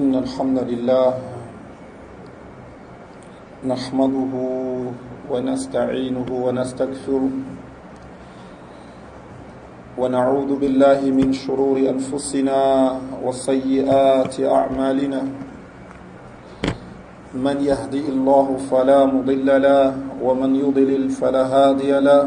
إن الحمد لله نحمده ونستعينه ونستكثره ونعوذ بالله من شرور أنفسنا وسيئات أعمالنا من يهدي الله فلا مضل له ومن يضلل فلا هادي له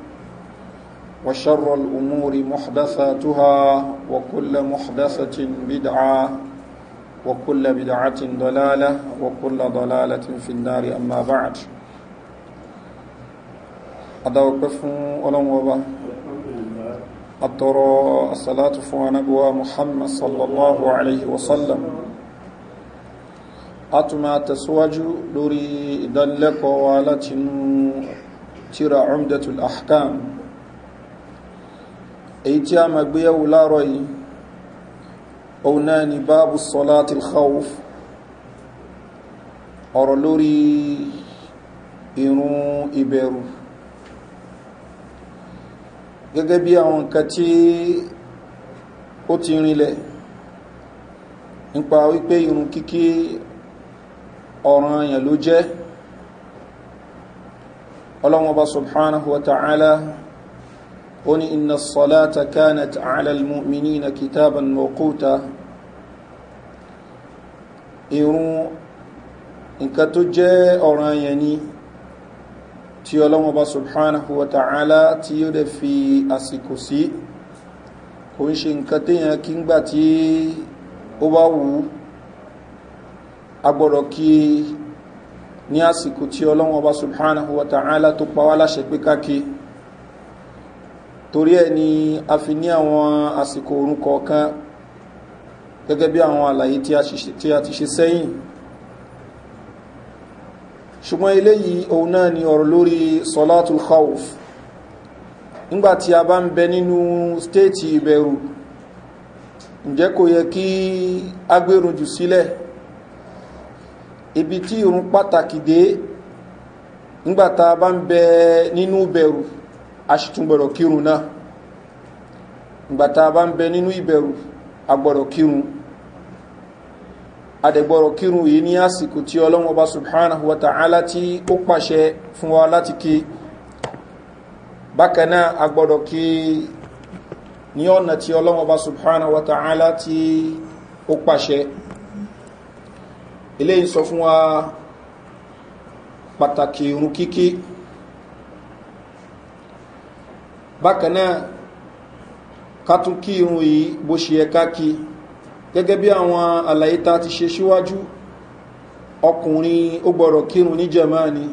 وشر الأمور محدثاتها وكل محدثة بدعة وكل بدعة ضلالة وكل ضلالة في النار أما بعد أدوقف ألم وبا أترى الصلاة فوانبوى محمد صلى الله عليه وسلم أتما تسواج لري دلق والتن ترى عمدة الأحكام èyí tí a ma gbéyàwó láàrọ̀ yìí òun náà ni báàbù sọlá ti khawf ọ̀rọ̀ lórí irun ìbẹ̀rù gẹ́gẹ́ bí àwọn nǹkan tí ó ti rinlẹ̀ nípa wípé irun kíkí ọ̀ràn àyàn ló jẹ́ ọlọ́wọ́n bá subhanahu wa ta'ala ala ó ní iná sọláta kánat alalmọ́mìnì na kitaban mọ́kúta irun nǹkan tó jẹ́ ọ̀rọ̀ ayẹ ni tí ọlọ́mọba subhanahu wa ta'ala tí ó dẹ̀ fi àsìkò sí kò ń ṣe nǹkan téèyàn kí ń gbà tí ó bá wù ú agbọ́dọ̀ kí ní àsìkò tí ọlọ́mọba subhanahu wa ta'ala tó pa láṣẹ pé káàkiri torí ẹ ni a fi ní àwọn àsìkò orun kan gẹ́gẹ́ bí àwọn àlàyé tí a ti ṣe sẹ́yìn ṣùgbọ́n eléyìí òun náà ni ọ̀rọ̀ lórí sọlátù khawf nígbàtí a bá ń bẹ nínú stéètì ìbẹ̀rù ǹjẹ́ kò yẹ kí agbérun jù sílẹ̀ ibi tí irun pàtàkì dé nígbàtà bá ń bẹ nínú bẹ̀rù a sì tún gbọ́dọ̀ kírun náà ìgbàta bá ń bẹ nínú ìbẹ̀rù agbọ́dọ̀ kírun adẹ̀gbọ́dọ̀ kírun yìí subhanahu wa ta'ala tí ó pàṣẹ fún wa láti kí bákanáà agbọ́dọ̀ kí ní ọ̀nà tí ọlọ́wọ́ bá subhanahu wa ta'ala tí ó pàṣẹ eléyìí sọ fún wa pàtàkì irun kíkí bákan náà ká tún kí irun yìí bó ṣe yẹ ká kí gẹ́gẹ́ bí àwọn àlàyé ta ti ṣe síwájú ọkùnrin ó gbọ́dọ̀ kírun ní jẹ̀má ni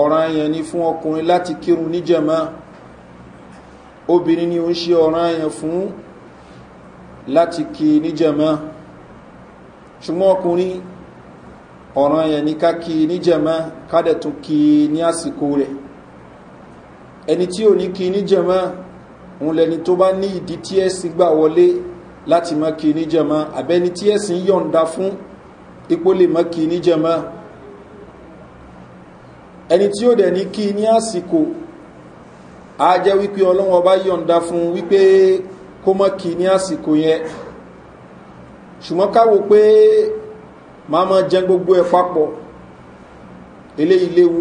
ọ̀ràn yẹn ni fún ọkùnrin láti kírun ní jẹ̀má obìnrin ni ó ń ṣe ọ̀ràn yẹn fún láti kí ní jẹ̀má ṣùgbọ́n ọkùnrin ọ̀ràn yẹn ni ká kí ní jẹ̀má kádẹ̀ tún kí ní àsìkò rẹ̀ ẹni tí ò ní kí ní jẹmọ́ òun lẹni tó bá ní ìdí tí ẹ̀sìn gbà wọlé láti mọ́ kí ní jẹmọ́ àbẹ́ni tí ẹ̀sìn yọ̀ǹda fún ipò lè mọ́ kí ní jẹmọ́ ẹni tí ó dẹ̀ ní kí ní àsìkò a jẹ́ wípé ọlọ́wọ́ bá yọ̀ǹda fún wípé kó mọ́ kí ní àsìkò yẹn ṣùgbọ́n káwò pé máa mọ́ jẹ gbogbo ẹ̀ papọ̀ eléyìí léwu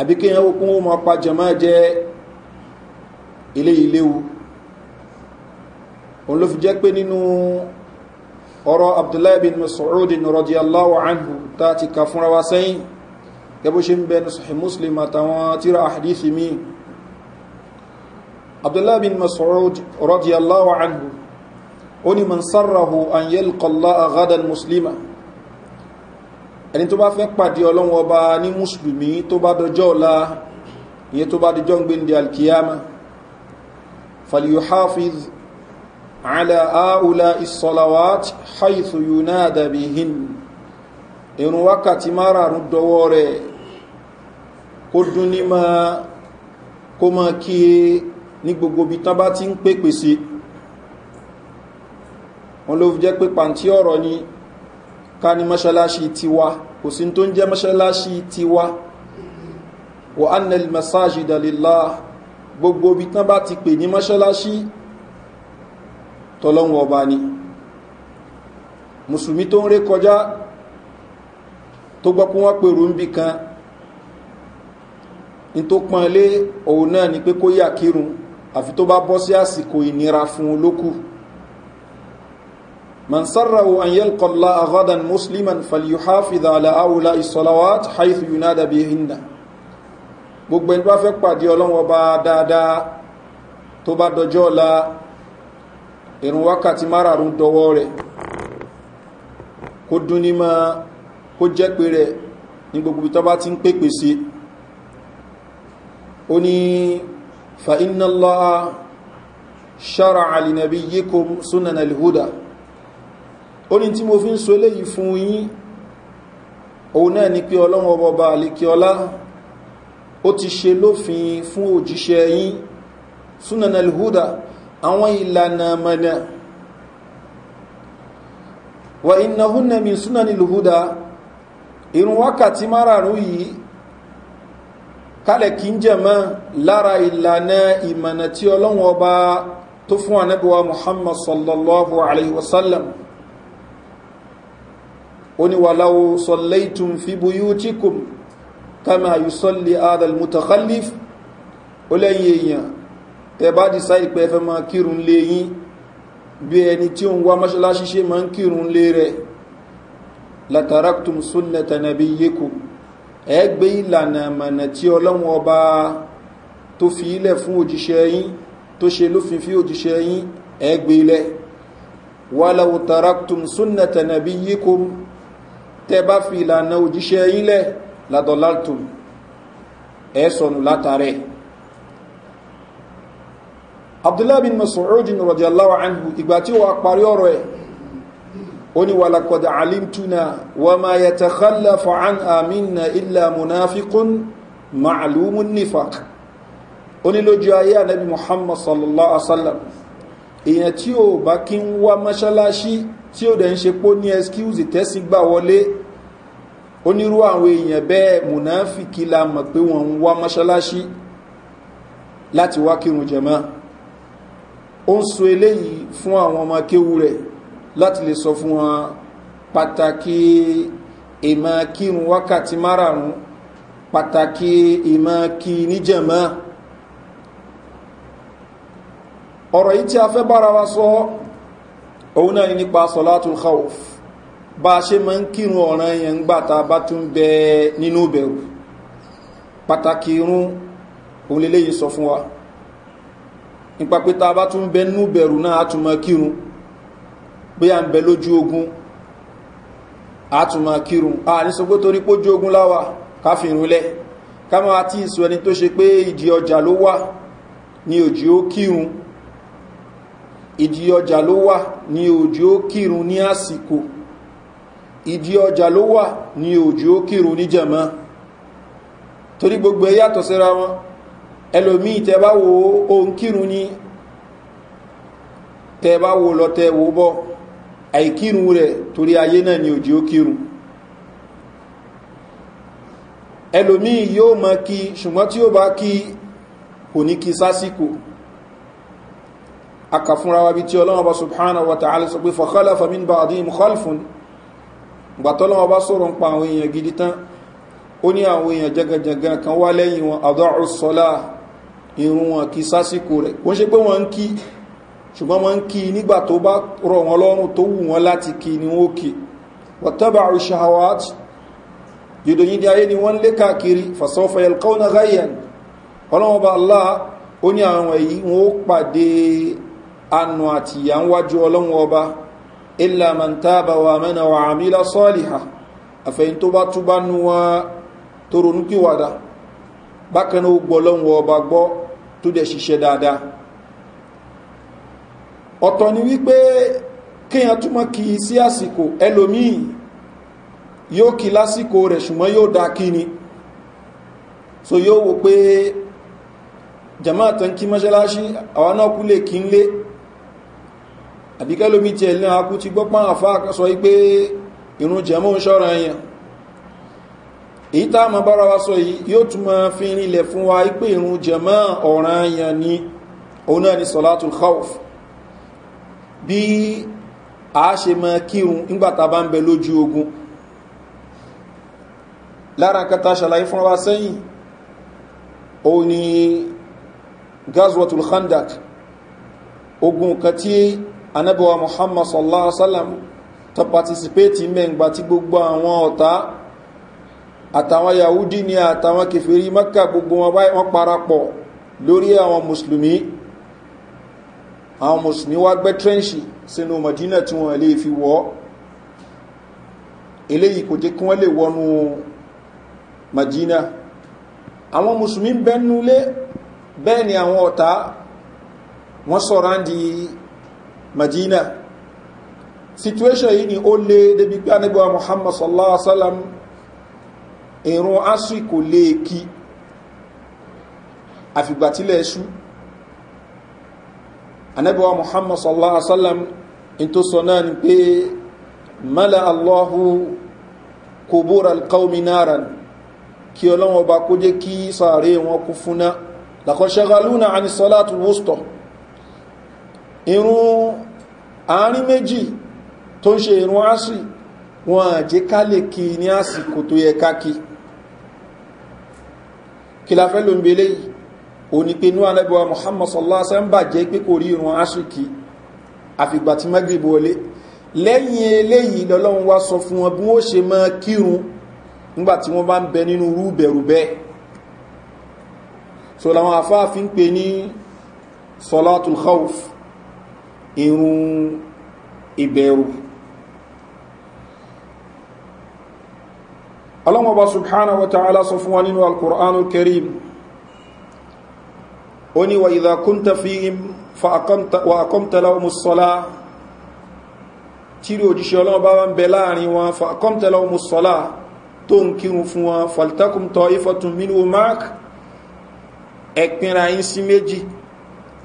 àbí kí yẹn kún ó ma pa jẹmọ́ jẹ́ ilé iléwu òun ló fi jẹ́ pé nínú ọ̀rọ̀ abdullahi bin masoud rọ̀dí aláwọ̀ anhu ta ti ka fúnra wa sẹ́yìn gẹ́bó ṣe ń bẹ ní sọ̀hìn muslim àtàwọn tíra àdífì mi abdullahi bin masoud rọ̀dí aláwọ̀ anhu ó ni man sarrahu an yẹ́ lọ́lá muslima ẹni tó bá fẹ́ pàdé ọlọ́run ọba ní mùsùlùmí tó bá dọjọ́ ọ̀la ìyẹn tó bá dọjọ́ ń gbéǹde alkiyama falyuhafiz ala aula isolawat haithu yunada bihin irun wákàtí márààrún dọwọ́ rẹ̀ kó dún ní máa kó máa kí e ní gbogbo bí tán bá ti ń pèpèsè wọn ló fi jẹ́ pé pàǹtí ọ̀rọ̀ ni ká ní mọ́ṣáláṣí tiwa kò sí tó ń jẹ́ mọ́ṣáláṣí tiwa wà annal masaji dalila gbogbo ibi tán bá ti pè ní mọ́ṣáláṣí tọ́lọ́wọ́ ọba ni musulmi tó ń rí kọjá tó gbọ́ kún wọ́n pèrò ń bì kan ní tó pọ́n lé òun náà ni pé kó yà kírun àfi tó bá bọ́ sí àsìkò ìnira fún olókùn من سره أن يلقى الله غدا مسلما فليحافظ على أولاء الصلوات حيث ينادى بهن gbogbo ẹni bá fẹ́ pàdé ọlọ́wọ́ bá dáadáa tó bá dọjọ́ ọ̀la ìrùn wákàtí márààrún dọwọ́ rẹ̀ kó dún ní máa kó jẹ́ pé rẹ̀ ní gbogbo tó bá ti ń pèpè sí ó ní fa ṣára àlìnàbí yíkò súnanà lèhúdà ó ní tí mo fi ń so léyìí fún yín òun náà ni pé ọlọ́run ọbọba àlékiọlá ó ti ṣe lófin fún òjíṣẹ́ yín sunan alhuda àwọn ìlànà mọ̀nà wà iná húnnà mi sunan alhuda irun wákàtí márààrún yìí kálẹ̀ kí ń jẹ mọ́ lára ìlànà ìmọ̀nà tí ọlọ́run ọba tó fún ànábíwá muhammad sallallahu alaihi wasallam oníwàláwó sọlẹ́ìtùn fíbuyútíkùn kama yùsọ́lẹ̀ adal mutakhalif ó lẹ́yìn èèyàn tẹbá dìsáì pé ẹfẹ́ ma kírun lé yín bí ẹni tí ó ń wá mọ́ṣálásí ṣe ma ń kírun lé rẹ̀ lataraktum sunnata nabi yeku ẹgbẹ́ ìlànà mọ̀nà tí ọlọ́run ọba tó tẹ́ bá fi ìlànà òjíṣẹ́ yín lẹ̀ ladọ́látò ẹ̀ sọnù látàrẹ̀ abdullahi bin masoojin rọ̀díaláwà anhu ìgbà tí wà parí ọ̀rọ̀ ẹ̀ ó ní wàlàkọ̀dà alimtuna wà máa yẹ tàkàlà fa'an àmìnà ilẹ̀ munafikun ma'alumun nifak ó ní lójú ayé anabi muhammad sallallahu alaihi wasallam èèyàn tí ó bá kí ń wá mọ́ṣáláṣí tí ó dẹ̀ ń ṣe pó ní excuse tẹ́sí gbà wọlé onírú àwọn èèyàn bẹ́ẹ̀ mùnáfìkì la mọ̀ pé wọ́n ń wá mọ́ṣáláṣí láti wá kírun jẹ̀mọ́ ó ń so eléyìí fún àwọn ọmọ kéwu rẹ̀ láti lè sọ fún wọn pàtàkì ìmọ̀ kírun wákàtí márààrún pàtàkì ìmọ̀ kí níjẹ̀mọ́ ọ̀rọ̀ yìí tí a fẹ́ bára wa sọ òun náà ní nípa sọ̀látùl khawf bá a ṣe máa ń kírun ọ̀ràn yẹn ń gbàta bá tún bẹ nínú bẹ̀rù pàtàkì irun òun lélẹ́yìn sọ fún wa nípa pé ta bá tún bẹ nínú bẹ̀rù náà a tún máa kírun ogun a tún a ní sọ pé ogun láwà ká máa tí ìsọ ẹni tó ṣe pé ìdí ọjà ló wà ní òjì ó ìdí ọjà ló wà ní òjò ó kírun ní jẹ̀mọ́ torí gbogbo ẹ yàtọ̀ síra wọn ẹlòmí tẹbá wo ohun kírun ní tẹbá wo lọ tẹwò bọ́ àìkírun rẹ̀ torí ayé náà ní òjò ó kírun ẹlòmí yóò mọ kí ṣùgbọ́n tí ó bá kí kò ní kí sásìkò akàfúnra wa bí tí ọlọ́wọ́ bá subhanahu wa ta'ala sọ pé fọ̀kọ́lá famin bá àdín mọ́kàlfún gbàtọ́lọ́wọ́ bá sọ̀rọ̀ ń pa àwọn èèyàn gidi tán ó ní àwọn èèyàn jẹgẹjẹgẹ kan wá lẹ́yìn wọn àdọ́rù sọ́lá irun wọn kí sásìkò rẹ̀ wọ́n ṣe pé wọ́n ń kí ṣùgbọ́n wọ́n ń kí nígbà tó bá rọ̀ wọn lọ́rùn tó wù wọn láti kí ni wọ́n kí wọ́tọ́bà ṣahawat ilà mọ̀ntàbà wà mẹ́nà wà àmìlà sọ́ọ̀lìhà àfẹ́yìn tó bá túbá nu wọn tó ronú kí wàdà bákan náà gbọ́ lọ́wọ́ ọba gbọ́ tó dẹ̀ ṣiṣẹ́ dáadáa ọ̀tọ̀ ni wípé kíyàn túnmọ́ kí sí àsìkò ẹlòmíì yóò kí lásìkò rẹ̀ ṣùgbọ́n yóò dá kí so yóò wò pé jamaatan kí mọ́ṣáláṣí àwọn náà kú lè àbíkẹ́ lómi tí ẹ̀lẹ́ akú ti gbọ́ pán àfá sọ wípé irun jẹmọ́ ṣọ́ra ẹ̀yàn èyí tá ma bára wa sọ yìí yóò tún ma fi rinlẹ̀ fún wa wípé irun jẹmọ́ ọ̀ràn ẹ̀yàn ni òun náà ni sọ̀látùl khawf bí a ṣe ma kírun nígbàtà ogun kan tí anábíwá muhammad sallallahu alaihi wasallam tó participate mẹ́ngbà tí gbogbo àwọn ọ̀tá àtàwọn yahudi ni àtàwọn kẹfẹ́rí mẹ́kà gbogbo wọn báyìí wọ́n parapọ̀ lórí àwọn mùsùlùmí àwọn mùsùlùmí wá gbẹ́ trenchì sínú madina tí wọ́n lè fi wọ́ eléyìí kò jẹ́ kí wọ́n lè wọnú madina àwọn mùsùlùmí bẹ́ẹ̀ nulẹ̀ bẹ́ẹ̀ ni àwọn ọ̀tá wọ́n sọ̀rọ̀ ń di madina situation yìí ni ó lé débi pé anábíwá muhammad sallallahu alaihi wasallam ìrún asri kò lè kí àfìgbàtílẹ̀ ṣú anábíwá muhammad sallallahu alaihi wasallam in tó sọ náà ni pé mala allahu kubur alkaumi naran kí ọlọ́wọ́ bá kó jẹ́ kí sàárè wọn kú fúnná lakọ̀ṣẹ́galúnà àni sọ́látù wọ́stọ̀ irun àárín méjì tó ń ṣe irun asì wọn àjẹ́ ká lè kí ní àsìkò tó yẹ káàkì kí la fẹ́ ló ń belé yìí o ní pé ní alẹ́bọ̀wà muhammad sallásá ń bàjẹ́ pé kò rí irun asì kí àfìgbà tí magrib wọlé lẹ́yìn eléyìí lọ́lọ́run wá sọ fún wọn bí wọ́n ṣe mọ́ kírun nígbàtí wọ́n bá ń bẹ nínú rúbẹ̀rúbẹ̀ so làwọn afáàfin pè ní sọlátùl irun ìbẹ̀rù ọlọ́mọba subhanahu wa ta'ala sọ fún wa nínú alkùránù kerim ó ní wa ìdàkúnta fi wa akọ́mta láwọ́mùsọ́lá tí rí òjíṣẹ́ ọlọ́mọba wọ́n bẹ láàrin wọn fa akọ́mta láwọ́mùsọ́lá tó ń kírun fún wọn faltakumtọ ifatun minu mark ẹ̀pìnra sí méjì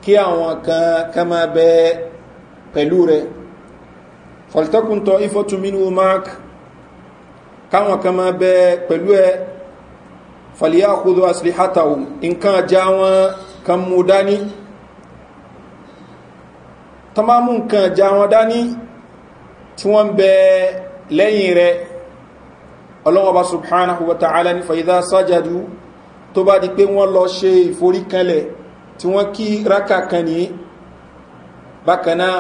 kí àwọn kan kama bẹ́ẹ̀ pẹ̀lú rẹ̀ fọ̀lítẹ́kùntọ́ ifọ́túnmínú mark káwọn kan máa bẹ pẹ̀lú ẹ fàlíyà kúrò asìlíhátàwò nǹkan já wọn kan mú dání tọ́mámú nǹkan já wọn dání tí wọ́n bẹ lẹ́yìn rẹ̀ ọlọ́wọ́ba subhanahu wa ta'ala ni fàyídá sájádú tó bá di pé wọ́n lọ ṣe ìforíkanlẹ̀ tí wọ́n kí rákà kan ní bákanáà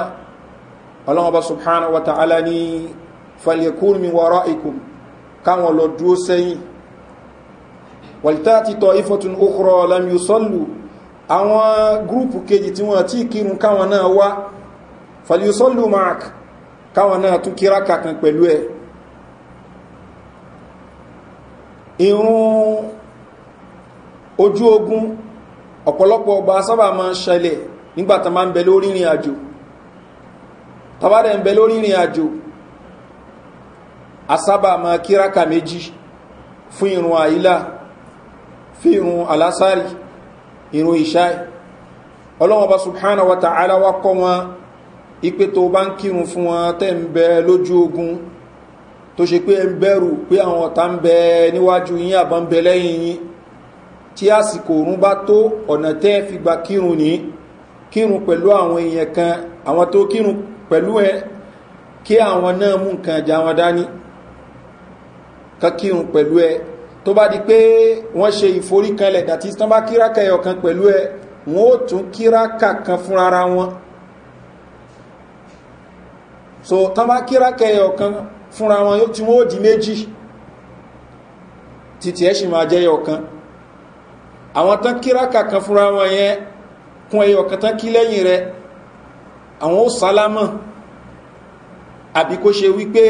ọlọ́wọ́ba subhanahu wa ta'ala ni falikun mi wọ́rọ̀ ikùn káwọn lọ dúó sẹ́yìn wàlítàtí tọ́ ìfọ̀tún okùrọ̀ lamiu sọ́lù àwọn gúrùpù kejì tí wọ́n tí kírun káwọn náà wá faliu sọ́lù mark káwọn náà tún kíra kàkan pẹ̀lú ẹ̀ ojú ogun ọ̀pọ̀lọpọ̀ ọba sábà máa ń ṣẹlẹ̀ nígbàtà máa ń bẹ lórí ìrìn àjò tàbádẹ̀ ń bẹ lórí ìrìn àjò asábà ma kíraka méjì fún ìrùn àìlà fún ìrùn alásárì ìrùn ìṣáì ọlọ́wọ́ba subhana wa ta'ala wa kọ́ wọn ipé tó bá ń kírun fún wọn tẹ́ ń bẹ lójú ogun tó ṣe pé ń bẹ̀rù pé àwọn ọ̀tá ń bẹ níwájú yín àbọ̀n bẹ lẹ́yìn yín tí àsìkò òrùn bá tó ọ̀nà tẹ́ fi gba kírun ní kírun pẹ̀lú àwọn èèyàn kan àwọn tó kírun pẹ̀lú ẹ kí àwọn náà mú nǹkan ẹja wọn dání kankirun pẹ̀lú ẹ tó bá di pé wọ́n ṣe ìforíkanlẹ̀ dàtí tán bá kíráka ẹyọ kan pẹ̀lú ẹ wọ́n ó tún kíráka kan fún ara wọn so tán bá kíráka ẹyọ kan fúnra wọn tí wọ́n ó di méjì títí ẹ ṣì máa jẹ́ ẹyọ kan àwọn tán kíráka kan fúnra wọn yẹn kún ẹyọ kan tán kí lẹ́yìn rẹ̀ àwọn ó sálámọ̀ àbí kó ṣe wípé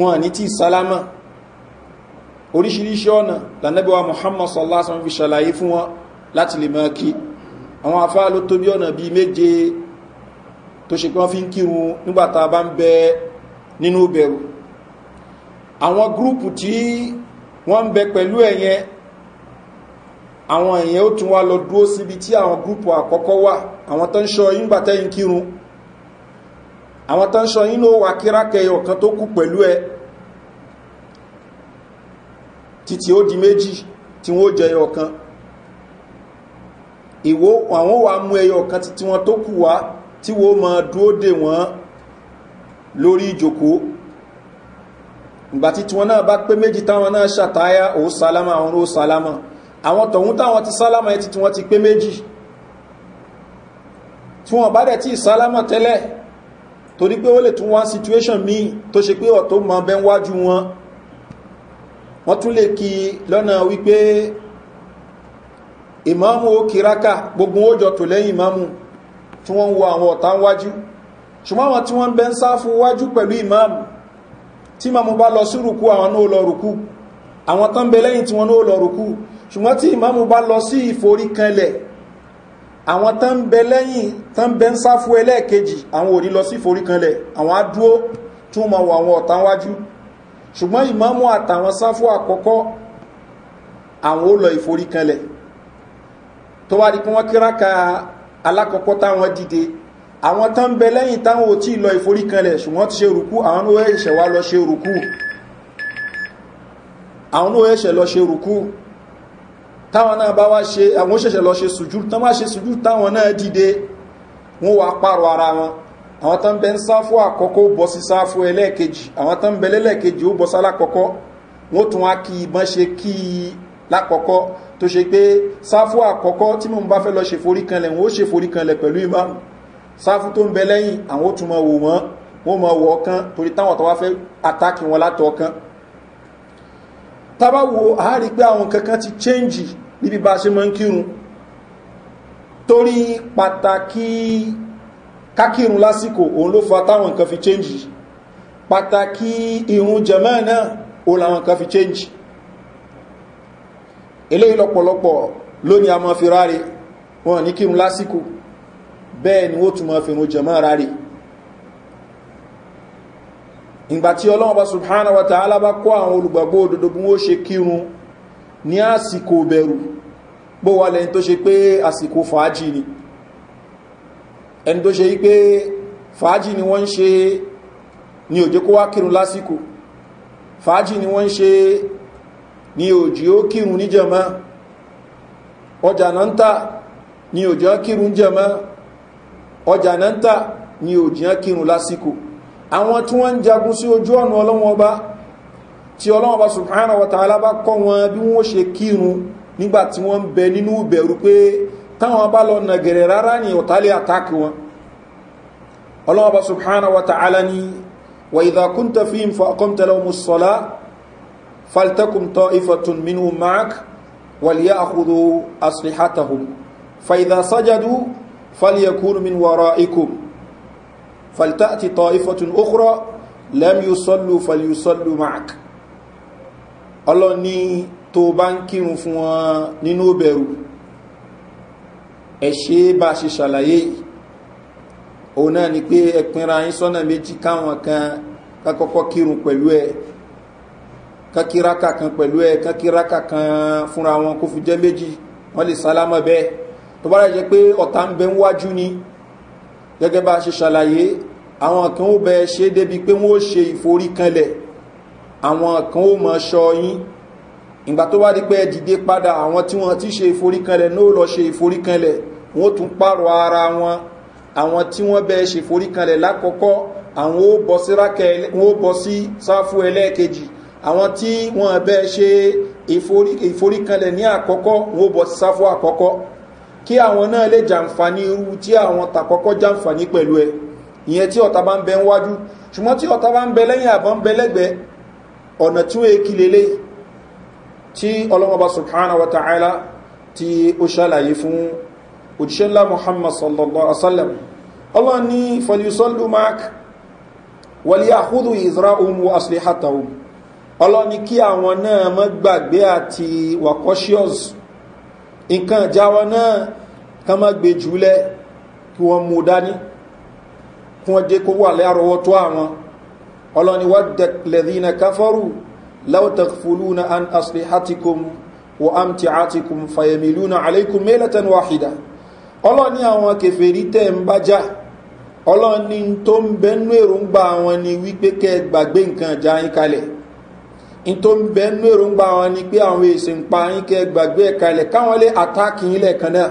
wọn ní tí sálámọ̀ oríṣiríṣi ọ̀nà lànẹ́bíwá muhammad sallásán fi ṣàlàyé fún wọn láti lè máa kí àwọn afá ló tó bí ọ̀nà bí méje tó ṣe pé wọ́n fi ń kírun nígbàtà bá ń bẹ nínú bẹ̀rù àwọn gúrùpù tí wọ́n ń bẹ pẹ̀lú ẹ̀yẹn àwọn èèyàn ó tún wá lọ dúró síbi tí àwọn gúrùpù àkọ́kọ́ wà àwọn tó ń ṣọ yín gbàtẹ́yìn kírun àwọn tó ṣọ yín wà kírákẹ́ ọ̀kan tó kù pẹ̀lú ẹ títí ó di méjì tí wọ́n jẹ ọ̀kan ìwó àwọn wà mú ẹyọ kan títí wọn tó kù wá tí wọ́n mọ dúó dè wọ́n lórí ìjòkó ìgbà títí wọn náà bá pé méjì táwọn náà ṣàtáyá òun sálámà àwọn ó sálámà àwọn tọ̀hún táwọn ti sálámà ẹ̀ tí wọ́n ti pé méjì tí wọ́n bá dẹ̀ tí sálámà tẹ́lẹ̀ torí pé ó lè tún wá situation míì tó ṣe pé ọ̀tọ́ ma bẹ́ wájú wọn wọ́n tún lè kí lọ́nà wípé ìmáàmù ó kìráka gbogbo ójọ tó lẹ́yìn ìmáàmù tí wọ́n wo àwọn ọ̀tá wájú ṣùgbọ́n tí wọ́n bẹ́ ń sáfún wájú pẹ̀lú ìmáàmù tí ìmáàmù bá lọ sí rùkú àwọn náà lọ rùkú àwọn tán bẹ lẹ́yìn tí wọ́n náà lọ rùkú ṣùgbọ́n tí ìmáàmù bá lọ sí ìforí kanlẹ̀ àwọn tán ń bẹ lẹ́yìn tán bẹ ń sáfú ẹlẹ́ẹ̀kejì àwọn ò ní lọ sí ìforí kanlẹ̀ àwọn á dúó tún mọ wọ àwọn ọ̀tá wájú ṣùgbọ́n ìmáàmù àtàwọn sáfú àkọ́kọ́ àwọn ó lọ ìforí kanlẹ̀ tó wá di pé wọ́n kíráka alákọ̀ọ́kọ́ táwọn dìde àwọn tán ń bẹ lẹ́yìn táwọn ò tí lọ ìforí kanlẹ̀ ṣùgbọ́n ti ṣe rùkú àwọn ó ẹ̀ṣẹ̀ wá lọ ṣe rùkú àwọn ó ẹ̀ṣẹ̀ lọ ṣe rùkú táwọn náà bá wá ṣe àwọn òṣèṣẹ̀ lọ ṣe sùjú tán wá ṣe sùjú táwọn náà dìde wọ́n wá pààrọ̀ ara wọn àwọn tán bẹ ń sáfó àkọ́kọ́ bọ́ sí sáfó ẹlẹ́ẹ̀kejì àwọn tán bẹ lẹ́lẹ́ẹ̀kejì ó bọ́ sálákọ́kọ́ wọ́n tún wá kí ìbọn ṣe kí i lákọ́kọ́ tó ṣe pé sáfó àkọ́kọ́ tí mo bá fẹ́ lọ ṣe forí kanlẹ̀ wọ́n ó ṣe forí kanlẹ̀ pẹ̀lú ìmáàmù sáfó tó ń bẹ lẹ́yìn àwọn ó tún mọ wò wọ́n wọ́n mọ wọ̀ ọ̀kan torí táwọn tó wá fẹ́ àtàkì wọn látọ̀ ọ̀kan tabawo a rí pé àwọn kankan ti change níbi bá ṣe mọ́ ń kírun torí pàtàkì kákírun lásìkò òun ló fa táwọn nǹkan fi change pàtàkì irun jẹ̀mọ́ náà òun làwọn nǹkan fi change eléyìí lọ́pọ̀lọpọ̀ lónìí a mọ́ fi ráre wọn ní kírun lásìkò bẹ́ẹ̀ ni ó tún fi irun jẹ̀mọ́ ráre ìgbàtí ọlọ́wọ́ba subhanahu wa ta'ala bá kọ́ àwọn olùgbàgbó òdòdó bí wọ́n ṣe kírun ní àsìkò bẹ̀rù bó wà lẹ́yìn tó ṣe pé àsìkò fàájì ni ẹni tó ṣe yí pé fàájì ni wọ́n ń ṣe ní òjò kó wá kírun lásìkò fàájì ni wọ́n ń ṣe ní òjì ó kírun ní jẹma ọjà náà ń tà kírun jẹma ọjà náà ń tà kírun lásìkò àwọn tí wọ́n ń jagun sí ojú ọ̀nà ọlọ́wọ́n ọba tí ọlọ́wọ́n ọba sùnkánà wọ̀tàálá bá kọ́ wọn bí wọ́n ṣe kírun nígbà tí wọ́n ń bẹ nínú ìbẹ̀rù pé táwọn bá lọ nà gẹ̀rẹ̀ rárá ní ọ̀tálẹ̀ àtàkì wọn ọlọ́wọ́n ọba sùnkánà فلتأتي طائفة أخرى لم يصلوا فليصلوا معك ọlọ́run ní tó bá ń kírun fún wọn nínú bẹ̀rù ẹ̀ṣẹ́ bá ṣe ṣàlàyé òun náà ni pé ẹ̀pìnra yín sọ́nà méjì káwọn kan kákọ́kọ́ kírun pẹ̀lú ẹ̀ kákíraka kan pẹ̀lú ẹ̀ kákíraka kan fúnra wọn kó fi jẹ́ méjì wọ́n lè sálámọ̀ bẹ́ẹ̀ tó bá rẹ̀ jẹ́ pé ọ̀tá ń bẹ ń wájú ni gẹ́gẹ́ bá ṣe ṣàlàyé àwọn kan ó bẹ ṣe débi pé wọ́n ó ṣe ìforíkanlẹ̀ àwọn kan ó mọ ṣọ yín ìgbà tó wá di dìde padà àwọn tí wọ́n ti ṣe ìforíkanlẹ̀ náà lọ ṣe ìforíkanlẹ̀ wọ́n tún pààrọ̀ ara wọn àwọn tí wọ́n bẹ ṣe ìforíkanlẹ̀ lákọ̀ọ́kọ́ àwọn ó bọ́ sí rákẹ́ wọ́n ó sáfù ẹlẹ́ẹ̀kejì àwọn tí wọ́n bẹ ṣe ìforíkanlẹ̀ ní àkọ́kọ́ wọ́n ó sí sáfù àkọ́kọ́ kí àwọn náà lè jàǹfàní irú tí àwọn tàkọ́kọ́ jàǹfàní pẹ̀lú ẹ ìyẹn tí ọ̀ta bá ń bẹ ń wájú ṣùgbọ́n tí ọ̀ta bá ń bẹ lẹ́yìn àbọ̀ ń bẹ lẹ́gbẹ̀ẹ́ ọ̀nà tí ó èkì lélẹ̀ tí ọlọ́mọba subhana wa ta'ala tí ó ṣàlàyé fún òjíṣẹ́lá muhammad sallallahu alaihi wasallam ọlọ́run ní nǹkan ìjáwọ́ náà ká má gbé jùlẹ̀ kí wọ́n mú dání kí wọ́n jẹ́ kó wà lẹ́rọwọ́ tó àwọn ọlọ́ni wádẹ̀ lẹ́dínà káfọ́rù láwọ́tàfúlúna an aslihatikum wa amtiatikum fayemiluna alaikum melatan wahida ọlọ́ni àwọn kẹfẹ̀rí tẹ́ ń bá já ọlọ́ni tó ń bẹ́nú ni wípé kẹ gbàgbé nǹkan ìjà kalẹ̀ tó ń bẹ nú èròǹgbà wọn ni pé àwọn èsì ń pa yín kẹ gbàgbé ẹ̀ka ilẹ̀ káwọn lé àtàkì yín lẹ́ẹ̀kan náà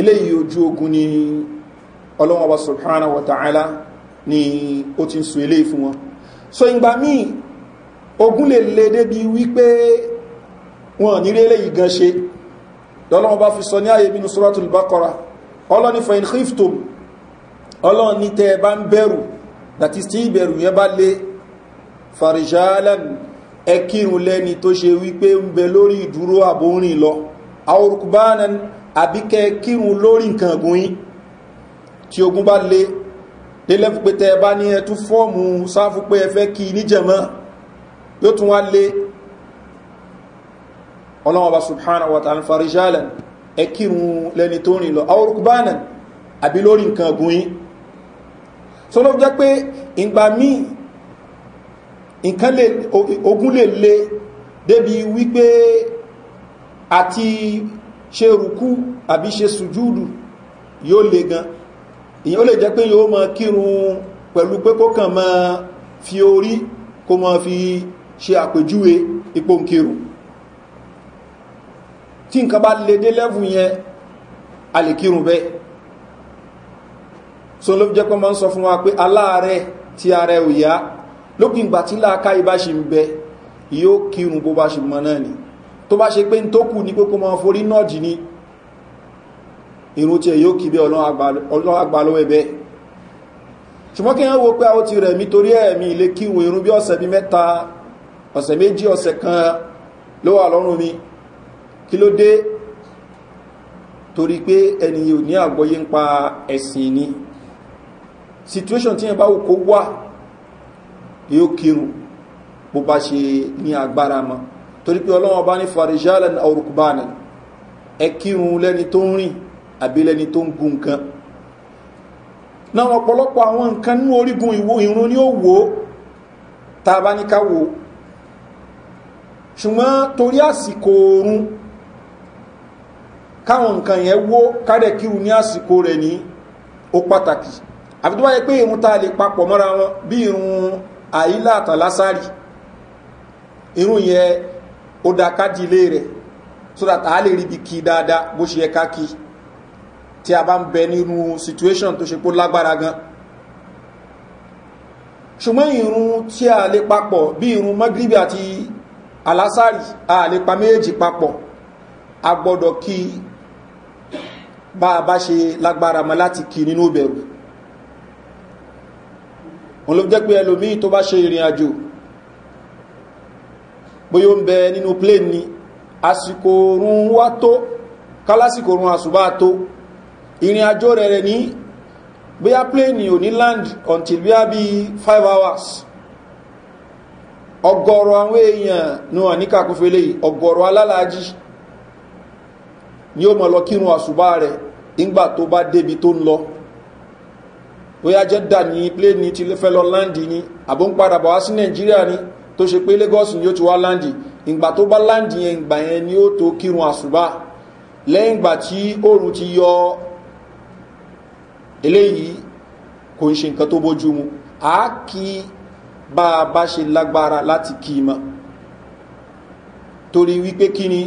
eléyìí ojú ogun ni ọlọ́wọ́n wa subhanahu wa ta'ala ni ó ti ń so eléyìí fún wọn so ìgbà míì ogun lè le débi wípé wọn ní rí eléyìí gan ṣe lọ́lọ́wọ́n bá fi sọ ní ayé bínú suratul bá farijalan ẹkírun lẹ́ni tó ṣe wípé ń bẹ lórí ìdúró àbórin lọ aurukbanan àbíkẹ́ kírun lórí nǹkan ọ̀gùn yí tí ogun bá lè délẹ̀ pé tẹ bá ní ẹtú fọ́ọ̀mù sáfú pé ẹ fẹ́ kí níjẹ̀mọ́ yóò tún wá lè ọlọ́wọ́ba subhanahu wa ta'ala farijalan ẹkírun lẹ́ni tó rìn lọ aurukbanan àbí lórí nǹkan ọ̀gùn yí so ló jẹ́ pé ìgbà míì nǹkan lè ogun lè le débi wípé àti ṣe rùkú àbí ṣe sùjúdù yóò le gan ìyẹn ó lè jẹ́ pé yóò mọ kírun pẹ̀lú pé kó kàn mọ fi orí kó mọ fi ṣe àpèjúwe ipò ń kírun tí nǹkan bá lè dé lẹ́fù a lè kírun bẹ́ so ló jẹ́ pé ma ń sọ fún wa pé aláàrẹ tí ààrẹ òyà lópin ìgbà tí láàká ibá ṣe ń bẹ yóò kírun bó bá ṣe mọ́ náà ni tó bá ṣe pé ń tó kù ní pé kó mọ́ forí náà jì ní irun tí kí bí ọlọ́run torí mi kí ló dé torí pé ẹni yìí ò ní àgbọ́yé ń pa ẹ̀sìn ni situation tí yẹn bá wù wà yóò kírun bó bá ṣe ní agbára mọ́ torí pé ọlọ́wọ́n bá ní farijalan aurukubana ẹ kírun lẹ́ni tó ń rìn àbí lẹ́ni tó ń gun nǹkan náà ọ̀pọ̀lọpọ̀ àwọn nǹkan ní orígun ìwò ìrún ní ó wò ó ta bá ní ká wò ó ṣùgbọ́n torí àsìkò oorun káwọn nǹkan yẹn wó kádẹ̀ kírun ní àsìkò rẹ̀ ní ó pàtàkì àbí tó bá yẹ pé irun ta lè papọ̀ mọ́ra wọn bí irun àyílà àtàlásárì irun yẹn ó da ilé rẹ̀ so that a lè ríbi kí dáadáa bó ṣe yẹ ká tí a bá ń bẹ nínú situation tó ṣe pó lágbára gan ṣùgbọ́n irun tí a lè papọ̀ bí irun magribi àti alásárì a lè pa méjì papọ̀ a gbọ́dọ̀ kí bá a bá ṣe lágbára mọ́ láti kí nínú bẹ̀rù wọn ló jẹ́ pé ẹlòmí tó bá ṣe ìrìn àjò bóyó ń bẹ nínú plane ni àsìkò oorun wá tó kálásìkò oorun àṣùbá tó ìrìn àjò rẹ̀ rẹ̀ ní bóyá plane ò ní land until a bí 5 hours ọgọ́rọ̀ àwọn èèyàn ní wọn ní kàkúfèlé ọgọ́rọ̀ alálàájì ni ó mọ̀ lọ kírun àṣùbá rẹ̀ nígbà tó bá débi tó ń lọ bóyá jẹ́dà ní plane ní ti fẹ́ lọ láǹdì ni àbó ń padà bọ̀ wá sí nàìjíríà ni tó ṣe pé lagos ni ó ti wá láǹdì ìgbà tó bá láǹdì yẹn ìgbà yẹn ni ó tó kírun àṣùbà lẹ́yìn ìgbà tí oòrùn ti yọ eléyìí kò ń ṣe nǹkan tó bójú mu a kí bá a bá ṣe lágbára láti kí i mọ́ torí wípé kí ni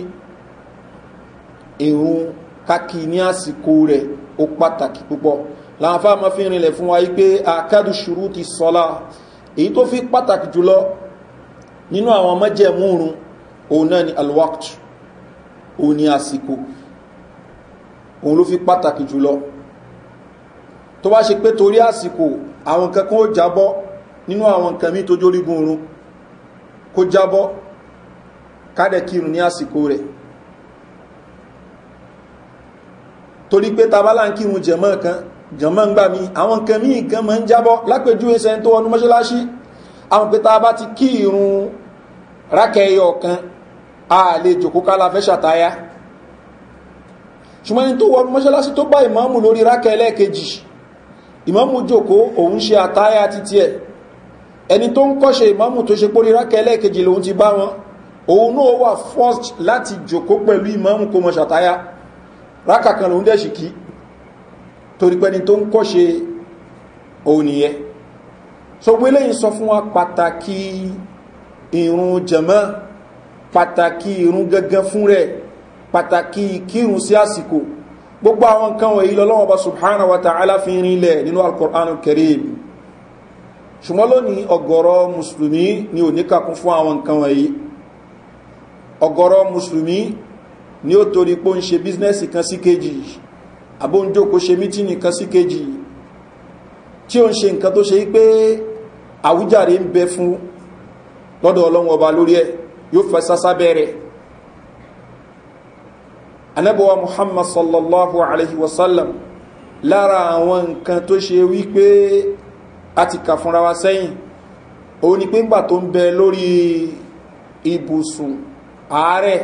ìrun kákì ní àsìkò rẹ̀ ó pàtàkì púpọ̀ láàfáà ma fi rinlẹ̀ fún wa yí pé àkádù ṣùrú ti sọ́lá èyí tó fi pàtàkì jùlọ nínú àwọn mọ́jẹ̀múrun òun náà ni alwakt òun ni àsìkò òun ló fi pàtàkì jùlọ tó bá ṣe pé torí àsìkò àwọn nǹkan kan ó jábọ́ nínú àwọn nǹkan mí tó jórígun oorun kó jábọ́ kádẹ̀ kírun ní àsìkò rẹ̀ torí pé tabalá ń kírun jẹ̀mọ́ kan jọmọ́ ń gbà mí àwọn nǹkan mí nǹkan mọ́ ń jábọ́ lápẹjúwe sẹ́ni tó wọnú mọ́ṣáláṣí àwọn pẹ̀tà bá ti kí irun rákẹ́yọ kan a lè jòkó kálá fẹ́ ṣàtáyá ṣùgbọ́n ní tó wọnú mọ́ṣáláṣí tó bá ìmọ́mù lórí rákẹ́ lẹ́ẹ̀kejì ìmọ́mù jòkó òun ṣe àtáyá títí ẹ̀ ẹni tó ń kọ́ṣe ìmọ́mù tó ṣe pórí rákẹ́ lẹ́ẹ̀kejì torí pé ni tó ń kọ́ṣe òun nìyẹn so wílé yìí sọ fún wa pàtàkì irun jẹ̀mọ́ pàtàkì irun gẹ́gẹ́ fún rẹ̀ pàtàkì kírun sí àsìkò gbogbo àwọn nǹkan wọ̀nyí lọ́lọ́wọ́ bá subhana wa ta'ala fi rin ilẹ̀ nínú alkur'an kareem ṣùgbọ́n lónìí ọgọ́rọ̀ musulmi ni ò ní kàkún fún àwọn nǹkan wọ̀nyí ọgọ́rọ̀ musulmi ni ó torí pé ó ń ṣe bísínẹ́sì kan sí kejì abóńjókòó ṣe mítí nìkan sí kejì tí ó ń ṣe nǹkan tó ṣe pé àwújáre ń bẹ fún lọ́dọ̀ ọlọ́run ọba lórí ẹ̀ yóò fẹ́ sásá bẹ̀rẹ̀ anábọ̀wá muhammad sallallahu alaihi wasallam lára àwọn nǹkan tó ṣe wípé a ti kà fúnra wa sẹ́yìn òun ni pé ńgbà tó ń bẹ lórí ibùsùn ààrẹ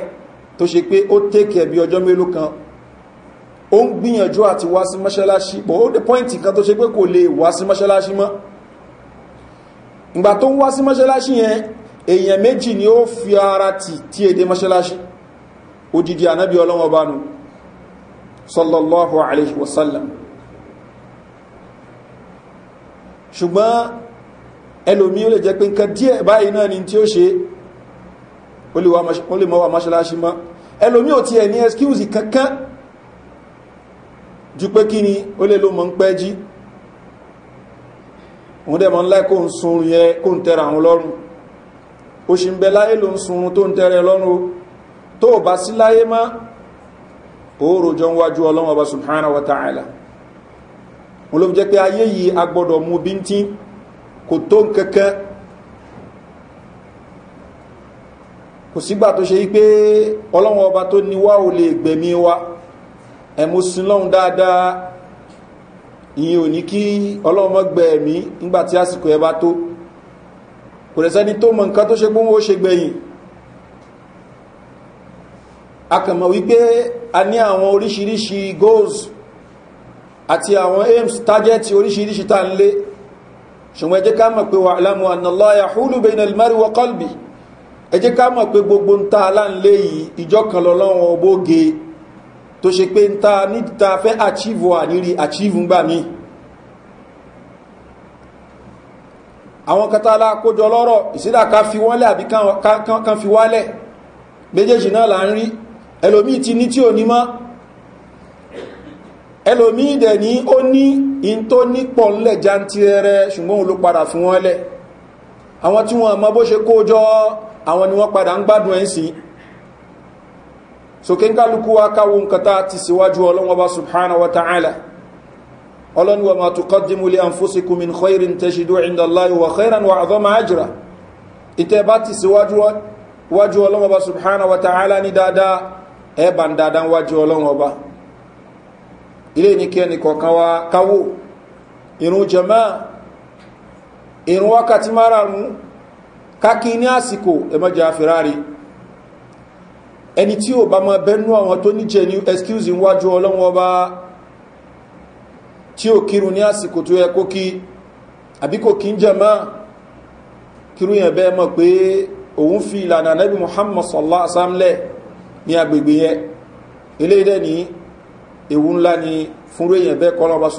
tó ṣe pé ó tẹ́kẹ̀ẹ́ bí ọjọ́ mélòó kan ó ń gbìyànjú àti wá sí mọ́ṣáláṣí pọ̀ ó dé pọ́ìntì kan tó ṣe pé kò lè wá sí mọ́ṣáláṣí mọ́ ìgbà tó ń wá sí mọ́ṣáláṣí yẹn èèyàn méjì ni ó fi ara tì tí èdè mọ́ṣáláṣí òjìdí ànábí ọlọ́wọ́ bá sallallahu alaihi wasallam ṣùgbọ́n ẹlòmí ó lè jẹ́ pé nǹkan díẹ̀ báyìí náà ni tí ó ṣe ó lè mọ́wà ò ti ẹ̀ ní ẹskíùsì kankan ju pé kí ni ó lè ló mọ́ ń pẹ́ jí òun dẹ̀ mọ́ ńlá kó ń sun yẹ kó ń tẹ́ra àwọn lọ́rùn ó sì ń bẹ láyé ló ń sunrun tó ń tẹ́rẹ lọ́rùn tó bá sí láyé má oòrò jọ wájú ọlọ́run kò sígbà tó ṣe yí pé ọlọ́run ọba tó ní wá ò lè gbẹ̀mí wa ẹ̀mú sin lọ́hun dáadáa ìyẹn ò ní kí ọlọ́mọ gbẹ ẹ̀mí nígbà tí àsìkò ẹ bá tó kò rẹ̀ sẹ́ni tó mọ nǹkan tó ṣe pé wọ́n ṣe gbẹ̀yìn akàmọ̀ wípé a ní àwọn oríṣiríṣi goals àti àwọn aims target oríṣiríṣi tá ń lé ṣùgbọ́n ẹjẹ́ ká mọ̀ pé wà lámù ànàlá yàhúlù bẹ̀rẹ̀ almari wa kọlbì ẹjẹ́ ká mọ̀ pé gbogbo ń ta aláǹlé yìí ìjọ bóge tó ṣe pé ta níta fẹ́ achieve wà nírí achieve ń gbà mí àwọn katala kójọ lọ́rọ̀ ìsídà ká fi wọ́lẹ̀ àbí kan fi wálẹ̀ méjèèjì náà là ń rí ẹlòmí ti ní tí ò ní mọ́ ẹlòmí ìdẹ̀ ní ó ní in tó ní pọ̀ ńlẹ̀ jantirẹrẹ ṣùgbọ́n olú fún wọ́lẹ̀ àwọn tí wọ́n mọ́ bó ṣe kójọ àwọn ni wọ́n padà ń gbádùn ẹ̀sìn so kí n kálukú wa káwọn nǹkan tá a ti síwájú ọlọ́wọ́n bá subhanahu wa ta'ala ọlọ́ni wa ma tuqaddimu li anfusikum min khairin tashidu inda allahi wa khairan wa azama ajra ite ba ti síwájú wájú subhanahu wa ta'ala ní dáadáa ẹ̀bà ń dáadáa wájú ọlọ́wọ́ bá ilé ní kí ẹnì kọ̀ọ̀kan wa káwó irun jama irun wákàtí márààrún kákí ní àsìkò ẹmọ́jà ẹni tí ò bá máa bẹ́nú àwọn tó níjẹ ní excuse níwájú ọlọ́wọ́ bá tí ò kírun ní àsìkò tó yẹ kó kí àbí kò kí ń jẹ máa kírun yẹn bẹ́ẹ̀ mọ̀ pé òun fi ìlànà nẹ́bí muhammad sallá asámlẹ̀ ní agbègbè yẹn ilé ni kọ́lọ́ wa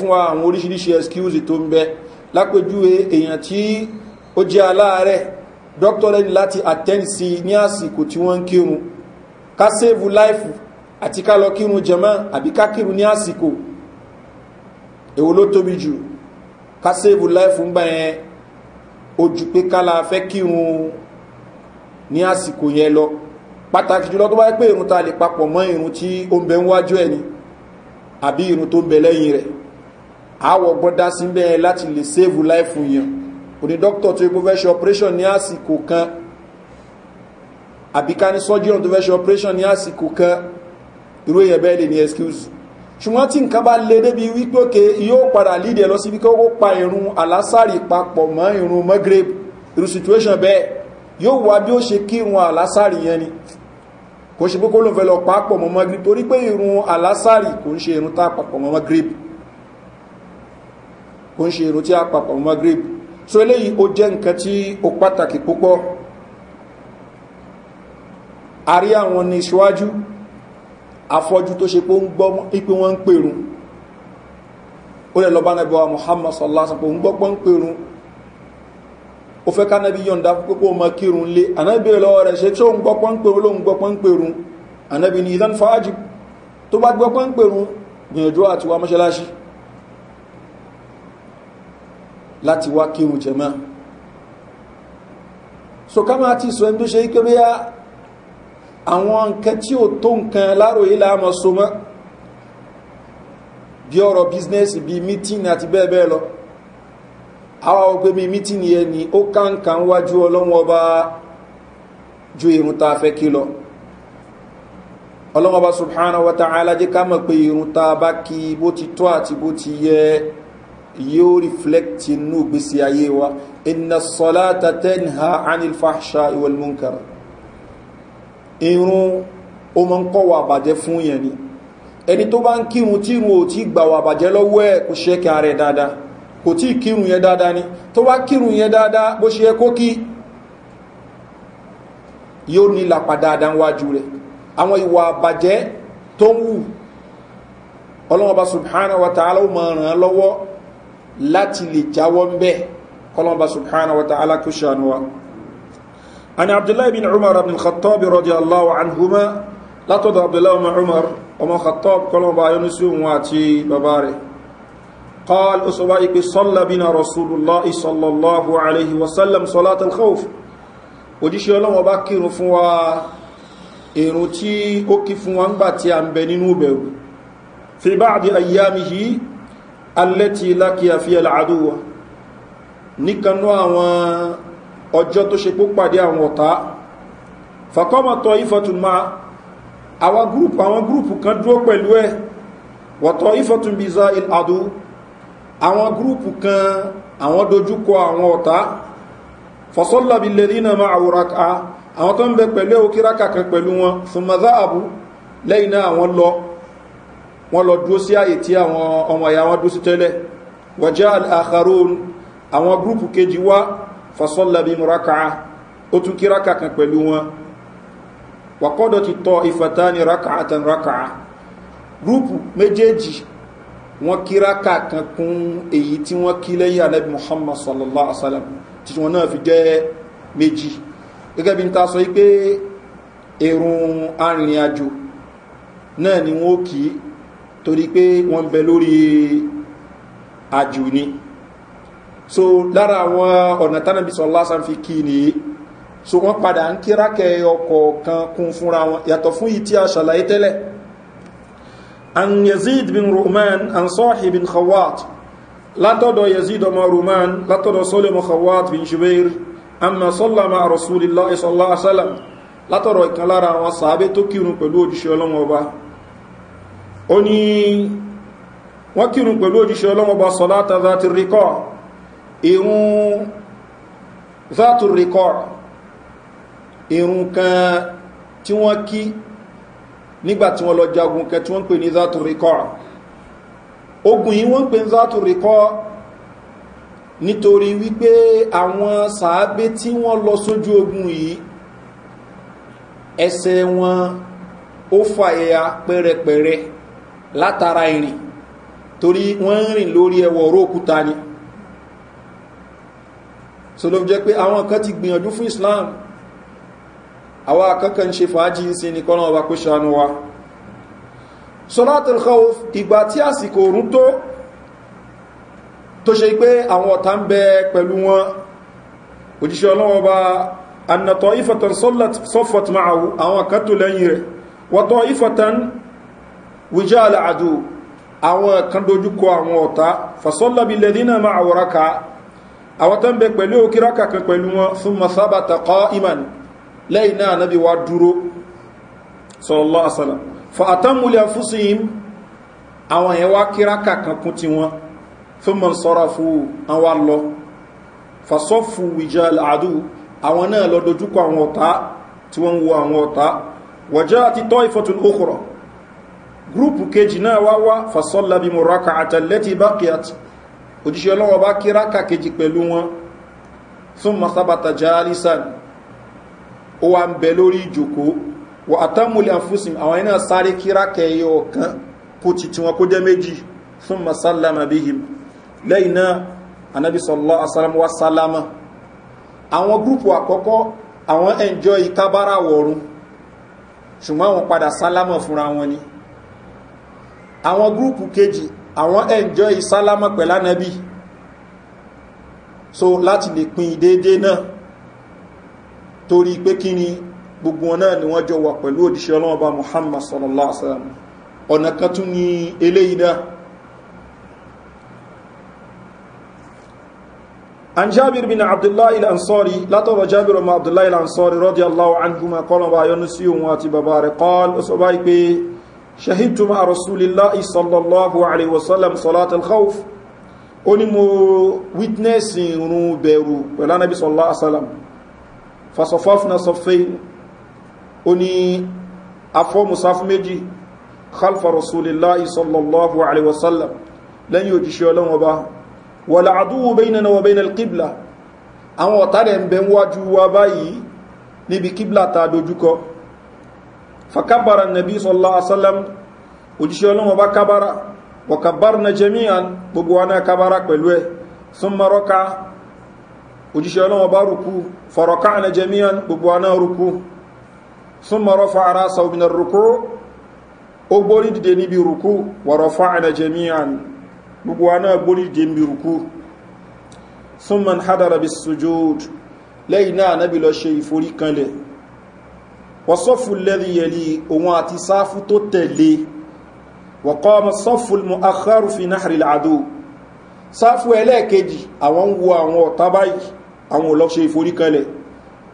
fún wa doctorate láti attend sí ní àsìkò tí wọ́n ń kírun ká save life àti ká lọ kírun jẹmọ́ àbí ká kírun ní àsìkò èwo ló tóbi jù ká save life ń gbà yẹn ojú pé kálá fẹ́ kírun ní àsìkò yẹn lọ pàtàkì jùlọ tó bá pé irun ta lè papọ̀ mọ́ irun tí ó ń bẹ ń ẹ̀ ni àbí irun tó ń bẹ lẹ́yìn rẹ̀ àwọ̀ gbọ́dá sí bẹ́ẹ̀ láti lè save life yẹn kò ní dókítà tó epo fẹ́ ṣe operation ní àsìkò kan àbí ká ní surgeon tó fẹ́ ṣe operation ní àsìkò kan irú èèyàn bẹ́ẹ̀ lè ní excuse ṣùgbọ́n tí nǹkan bá lè débi wípé òkè yóò padà lead ẹ lọ síbi kí ó pa irun alásàrì papọ̀ mọ́ irun magreb irú situation bẹ́ẹ̀ yóò wá bí ó ṣe kí irun alásàrì yẹn ni kò ṣe pé kó ló fẹ́ lọ papọ̀ mọ́ magreb torí pé irun alásàrì kò ń ṣe irun tá papọ̀ mọ́ magreb kò ń ṣe irun tí a papọ̀ mọ́ magreb so eléyìí ó jẹ́ nǹkan tí ó pàtàkì púpọ̀ àrí àwọn ní ṣíwájú afọ́jú tó ṣe pé ń gbọ́ ipé wọ́n ń pèrún ó lè lọ́bá nẹ́bọ̀ muhammad sallásán pé ń gbọ́gbọ́n pèrún ó fẹ́ ká nẹ́bí yọ̀nda púpọ̀ ma kírun lé anábí lọ́wọ́ rẹ̀ ṣe tí ó ń gbọ́gbọ́n pèrún ló ń gbọ́gbọ́n pèrún anábí láti wá kírun jẹmọ́ so ká máa ti sọ ẹni tó ṣe ike bí a àwọn nǹkan tí ò tó nǹkan láròyé láàmọ́ so mọ́ bí ọ̀rọ̀ bísínẹ́sì bí mítíìnì àti bẹ́ẹ̀ bẹ́ẹ̀ lọ àwọn ọgbẹ́ mi mítíìnì yẹn ni ó káǹkà ń wájú ọlọ́wọ́n ọba ju irun ta fẹ́ kí lọ ọlọ́wọ́n ọba subhanahu wa ta'ala jẹ́ ká mọ̀ pé irun ta bá kí bó ti tó àti bó ti yẹ yóò reflect inú gbèsè ayé wa iná sọlá tàtẹ́ni ha anilfàṣà ìwọlmùnkàrà irun o mọ́ ń kọ́ wà bàjẹ́ fún yẹn ni ẹni tó bá ń kírun tí irun ò tí gbà wà bàjẹ́ lọ́wọ́ ẹ̀ kò ṣe kí ààrẹ dáadáa kò tí kírun yẹn dáadáa ni tó bá kírun yẹn dáadáa bó ṣe kó kí yóò ní lápá dáadáa wájú rẹ̀ àwọn ìwà àbàjẹ́ tó ń wù ọlọ́wọ́ bá subhanahu wa ta'ala ó mọ̀ ràn án lọ́wọ́ láti lè jáwọ́ ń bẹ́ kọlọ́mbà subhana wa ta'ala kò ṣàánú wa an abdullahi bin umar abin khattab radiyallahu anhuma látọ̀dọ̀ abdullahi bin umar ọmọ khattab kọlọ́mbà ayọ́nu sí àti bàbá rẹ̀ قال أصبعك صلى بنا رسول الله صلى الله عليه وسلم صلاة الخوف وديش يولم وباكر فوا إنو تي أكي فوا انباتي أنبنين في بعض أيامه alẹ́tí lákíyà fi ẹ̀láàdúwà níkanú àwọn ọjọ́ tó ṣe púpàdé àwọn ọ̀tá fàkọ́mọ̀tọ̀ ìfọ̀túnmá àwọn gúrùpù àwọn gúrùpù kan dúró pẹ̀lú ẹ̀ wọ̀tọ̀ ìfọ̀túnbíza ìlàdú àwọn gúrùpù kan àwọn dojúkọ àwọn ọ̀tá fọ̀sọ́lábìlẹ̀dínà máa àwòrán àwọn tó ń bẹ pẹ̀lú òkíraka wọ́n lọ dúró sí àyè tí àwọn ọmọ ìyá wọn dúró sí tẹ́lẹ̀ wàjá àkàrún àwọn gúrùpù kejì wá fasọ́lábí muraka'a ó tún kí raka kan pẹ̀lú wọn wàkọ́dọ̀ ti tọ́ ìfàtà ní raka'a tan raka'a gúrùpù méjèèjì wọ́n kí raka kan kún èyí tí wọ́n kí lẹ́yìn muhammad sallallahu alaihi wasallam tí wọ́n náà fi jẹ́ méjì gẹ́gẹ́ bí náà ni wọ́n kìí torí pé wọ́n bẹ lórí àjù ni so lára àwọn ọ̀nà tánàbí sọlá fi kí ni so wọ́n padà ń kírákẹ́ ọkọ̀ kan kún fúnra wọn yàtọ̀ fún ìtí àṣàlàyé tẹ́lẹ̀ an yazid bin roman an sọ́ọ̀hì bin khawat látọ̀dọ̀ yazid ọmọ roman látọ̀dọ̀ solomon khawat bin shubair amma sallama a rasulillah sallallahu alaihi wasallam látọ̀dọ̀ ìkan lára àwọn sàábé tó kírun pẹ̀lú òjíṣẹ́ ọlọ́wọ́ ọba ó ní wọ́n kírun pẹ̀lú òjíṣẹ́ ọlọ́mọba sọ́látà zátì ríkọ́ irun zátì ríkọ́ irun kan tí wọ́n kí nígbàtí wọ́n lọ jagun kan tí wọ́n pè ní zátì ríkọ́ ogun yí wọ́n pè ní zátì ríkọ́ nítorí wípé àwọn sàábé tí wọ́n lọ sójú ogun yìí ẹsẹ̀ wọn ó fàyà pẹ́rẹpẹ̀rẹ pere látara ìrìn torí wọ́n ń rìn lórí ẹwọ̀ oró òkúta ni so ló jẹ́ pé àwọn kan ti gbìyànjú fún islam àwọn akẹ́kọ̀ọ́ ń ṣe fàájì sí ní kọ́nà ọba kó ṣàánú wa sọ́látàl khawf ìgbà tí àsìkò òrùn tó tó ṣe pé àwọn ọ̀tá ń bẹ pẹ̀lú wọn òjíṣẹ́ ọlọ́wọ́ annatọ̀ ifatan sọ́fọ̀t máa àwọn kan lẹ́yìn rẹ̀ wọ́tọ̀ ifatan wíjá aláàdù àwọn kan dojúkọ àwọn ọ̀tá fasọ́lábi lẹ́dínà ma àwọ̀raka àwọn tán bẹ pẹ̀lú òkíraka kan pẹ̀lú wọn fún masábàtà kọ́ iman lẹ́yìn náà nábi wá dúró sọ́lọ́lá asálà fa àtàmúlẹ̀ fúsìn àwọn yẹn wá kíraka kan kún ti wọn fún mọ̀ sọ́ra fún àwọn lọ fasọ́fù wíjá aláàdù àwọn náà lọ dojúkọ àwọn ọ̀tá tí wo àwọn ọ̀tá wọ̀já àti tọ́ ìfọ́tún gúrùpù kejì náà wá wá fasọ́lábi moraka àtàlẹ́tì bákíyàt òjíṣẹ́ ọlọ́wọ́ bá kí ráka kejì pẹ̀lú wọn fún masabata jalisan ó wà ń bẹ lórí ìjòkó wà àtàmúlẹ̀ àfúsìn àwọn iná sáré kí ráka ẹyọ ọ̀kan kó ti tiwọn kó jẹ́ méjì fún masallama bihim lẹ́yìn náà anabi ṣùgbọ́n àwọn padà sálámọ̀ fúnra wọn ni àwọn gúrùpù kejì àwọn ẹ̀njọ́ ìsálámọ̀ pẹ̀lá nẹ́bí so láti lè pin dédé náà torí pé kí ni gbogbo náà ni wọ́n jọ wà pẹ̀lú òdíṣẹ́ ọlọ́ọ̀bá muhammad sallallahu alaihi wasallam ọ̀nà kan tún ni eléyìí náà عن جابر بن عبد الله الأنصاري لا ترى رضي الله عنهما قال وعيون سيوم واتي ببار قال أصبعك ṣahidtu ma rasulillahi sallallahu alaihi wasallam salat al-khawf ó ní mo witness irun bẹ̀rù pẹ̀lú anabi sallallahu alaihi wasallam fasofafna sofei ó ní afọ́ musaf méjì khalfa rasulillahi sallallahu alaihi wasallam lẹ́yìn òjíṣẹ́ ọlọ́run ọba wọ̀lá àdúwò bẹ́yìnà wọ bẹ́yìnà kíblà àwọn ọ̀tá rẹ̀ ń bẹ wájú wa báyìí níbi kíblà ta dojúkọ fakabara nàbí sallallahu alaihi wasallam òjíṣẹ́ ọlọ́wọ́ bá kábára wọ̀kàbára na jami'an gbogbo wa náà kábára pẹ̀lú ẹ̀ sun marọ́ka òjíṣẹ́ ọlọ́wọ́ bá rukú farọ́ka na jami'an gbogbo wa náà rukú sun marọ́fa ara saubinar rukú ó gbórí dìde níbi rukú wọ̀rọ̀fá na jami'an gbogbo wa náà gbórí dìde níbi rukú sun man hadara bis sujud lẹ́yìn náà nábi lọ ṣe ìforí kanlẹ̀ wọ́sọ́fù lẹ́rí yẹ̀lì òun àti sáfú tó tẹ̀lé wọ̀kọ́ ọmọ sọ́fù mọ́ akẹ́rù fi náà rí láàdó sáfú ẹlẹ́ẹ̀kejì àwọn ń wo àwọn ọ̀tá báyìí àwọn olọ́ ṣe ìforíkanlẹ̀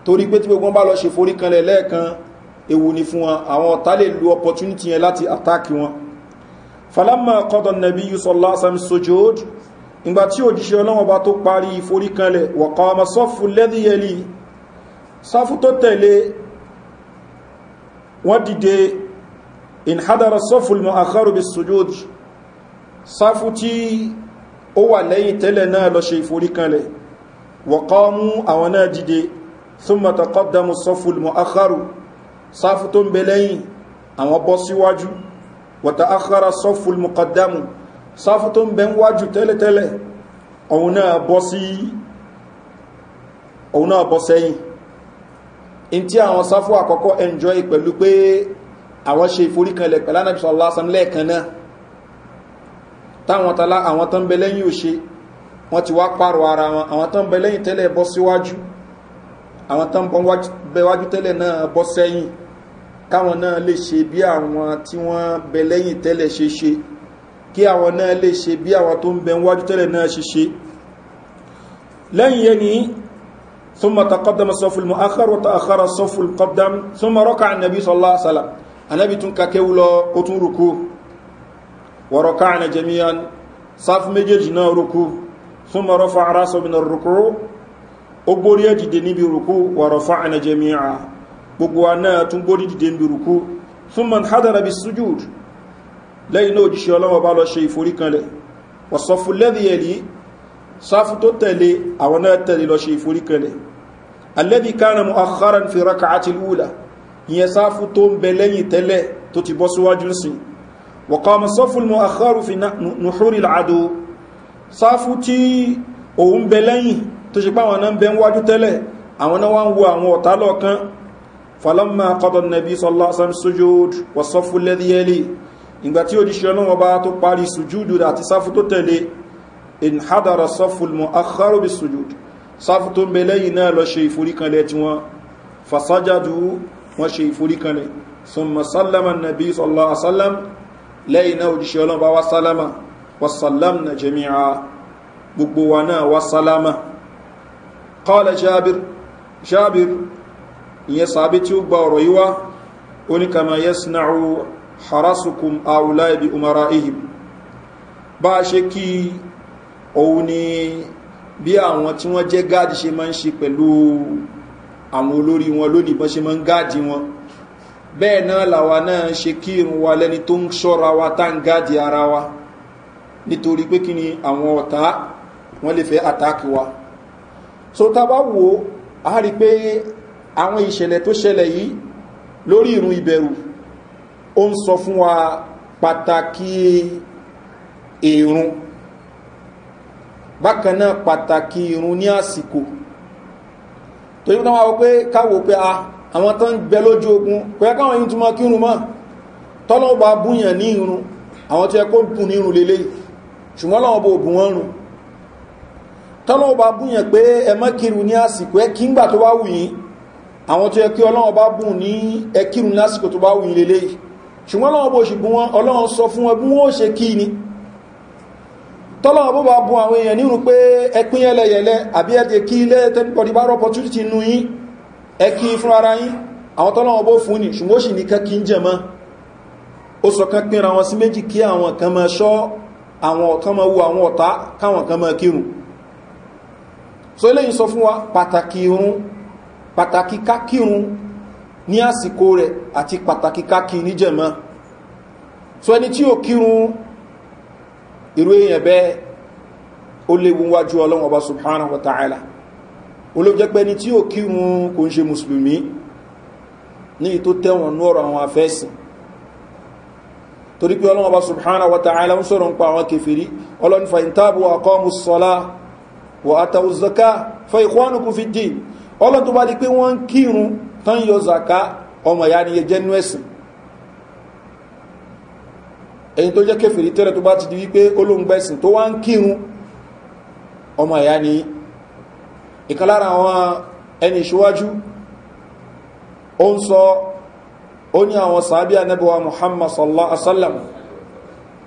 torí pé tí gbogbo bá lọ ṣe ìforíkanlẹ̀ lẹ́ẹ̀kan ewu ni fún wọn àwọn ọ̀tá lè lu opportunity yẹn láti attack wọn falama kọ́dọ̀ nàbí yusọ́lá sam wọ́n dìde in hadara sọ́fù mọ́ àkọrùbí sojoj sáfú tí ó wà lẹ́yìn tẹ́lẹ̀ náà lọ ṣe ìforíkanlẹ̀ wọ̀kọ́ mú àwọn náà dìde súnmọ̀tà kọ́dàmù sọ́fù mọ́ àkọrù sáfú tó ń bẹ lẹ́yìn àwọn bọ́ síwájú wọ̀ta àkọrà sọ́fù mọ́ kọ́dàmù tó ń bẹ wájú tẹ́lẹ̀tẹ́lẹ̀ ọ̀hun náà bọ́ sẹ́yìn in tí àwọn sáfù àkọ́kọ́ enjoy pẹ̀lú pé àwọn ṣe ìforíkanlẹ̀ pẹ̀lú anábìsọ lásán lẹ́ẹ̀kan náà táwọn tala àwọn tán bẹ lẹ́yìn òṣe wọ́n ti wá pààrọ̀ ara wọn àwọn tán bẹ lẹ́yìn tẹ́lẹ̀ bọ́ síwájú àwọn tán bẹ wájú tẹ́lẹ̀ náà bọ́ sẹ́yìn káwọn náà lè ṣe bí àwọn tí wọ́n bẹ lẹ́yìn tẹ́lẹ̀ ṣe ṣe kí àwọn náà lè ṣe bí àwọn tó ń bẹ wájú tẹ́lẹ̀ náà ṣe ṣe lẹ́yìn yẹn ni ثم تقدم الصف المؤخر وتأخر الصف القدم ثم ركع النبي صلى الله عليه وسلم النبي تنككولا قطن ركوع وركعنا جميعا صف مجيجنا ركوع ثم رفع راسه من الركوع أبوري جدني بركوع ورفعنا جميعا بقوانا تنبوري جدني بركوع ثم انحدر بالسجود لا ينوجي شيئا وبالله شيء فريقا له والصف الذي يليه sáfù tó tẹ̀lé àwọn náà tẹ̀lé lọ ṣe ìforíkẹlẹ̀ alẹ́bí kánà mu akharan fi raka àti lúùlà ìyẹn sáfù tó ń bẹ lẹ́yìn tẹ́lẹ̀ tó ti bọ́ síwájú sí wọ̀kọ́mọ̀ sọ́fún mu akharu fi nuhuri làádó sáfù tí òun bẹ lẹ́yìn tó ṣe pá àwọn náà ń bẹ wájú tẹ́lẹ̀ àwọn náà wọ́n wo àwọn ọ̀tá lọ́ọ̀kan in hadara sọfùlmù akharobi sujud sáfù tó ń bẹ lẹ́yìn náà lọ ṣe ìforíkanlẹ̀ tí wọ́n fasajadu wọ́n ṣe ìforíkanlẹ̀ sọmọ sallama nabi sallallahu alaihi wasallam lẹ́yìn náà òjíṣẹ́ ọlọ́mọba wa sallama wasallam na jami'a gbogbo wa náà wa sallama kọ́lẹ̀ jabir jabir ìyẹn sàbí tí ó gba ọ̀rọ̀ yíwá oníkàmà harasukum aulaibi umara ihim bá a ṣe òun ni bí àwọn tí wọ́n jẹ́ gáàdì ṣe máa ń ṣe pẹ̀lú àwọn olórí wọn lónìí bọ́n ṣe máa ń gáàdì wọn bẹ́ẹ̀ náà làwa náà ṣe kírun wa lẹ́ni tó ń ṣọ́ra wa tá ń gáàdì ara wa nítorí pé kí ni àwọn ọ̀tá wọ́n lè fẹ́ àtàkì wa so ta bá wo a rí pé àwọn ìṣẹ̀lẹ̀ tó ṣẹlẹ̀ yìí lórí ìrùn ìbẹ̀rù ó ń sọ fún wa pàtàkì èrùn e bákan náà pàtàkì irun ní àsìkò ah, tó yíkọ́ tánwà wọ́pẹ́ káwò pé a àwọn tán gbẹ lójú ogun kò yẹ káwọn yìí túnmọ́ kí irun mọ́ tọ́lọ́wọ́ bá búyàn ní irun àwọn tí ẹ kó bù ní irun lélẹ̀ ṣùgbọ́n lọ́wọ́ bó bù wọ́n rùn tọ́lọ́wọ́ bá búyàn pé ẹ mọ́ kí irun ní àsìkò ẹ kí ngbà tó bá wù yín àwọn tí ẹ kí ọlọ́wọ́ bá bù ní ẹ kírun lásìkò tó bá wù yín lélẹ̀ ṣùgbọ́n lọ́wọ́ bó ṣe tọ́lọ̀ ọbọ̀ bá bu àwọn èèyàn nínú pé ẹkùn yẹlẹyẹlẹ àbí ẹ̀dẹ̀ kí ilé tẹ́nipọ̀dì bá rọpọ̀ tútù nù yí ẹkí fún ara yí àwọn tọ́lọ̀ ọbọ̀ fún ní ṣùgbọ́n sì ní kẹ́kí ń jẹmọ́ ó sọ kan pínra wọn sí méjì kí àwọn kan mọ ṣọ́ àwọn kan mọ wu àwọn ọ̀tá káwọn kan mọ kírun so eléyìí sọ fún wa pàtàkì irun pàtàkì kákírun ní àsìkò rẹ̀ àti pàtàkì kákí níjẹ̀mọ́ so ẹni tí ò kírun irú èèyàn bẹ́ẹ̀ ó léwu wájú ọlọ́wọ́n ọba subhanahu wa ta'ala olóòjẹ́ pé ní tí ó kírun kò ń ṣe mùsùlùmí ní ìtó tẹ́wọ̀n ní ọ̀rọ̀ àwọn afẹ́sìn torí pé ọlọ́wọ́n ọba subhanahu wa ta'ala ń sọ̀rọ̀ ń pa àwọn kẹfìrí ọlọ́ni fa ìntàbù àkọ́mù sọ́lá wà ẹni tó jẹ́ kéfèrí tẹ́lẹ̀ tó bá ti di wípé olóngbẹ̀sìn tó wá ń kírun ọmọ ìyá ni ìkan lára àwọn ẹni ìṣíwájú ó ń sọ ó ní àwọn sàábí anẹ́bọ̀wà muhammad sallallahu alaihi wasallam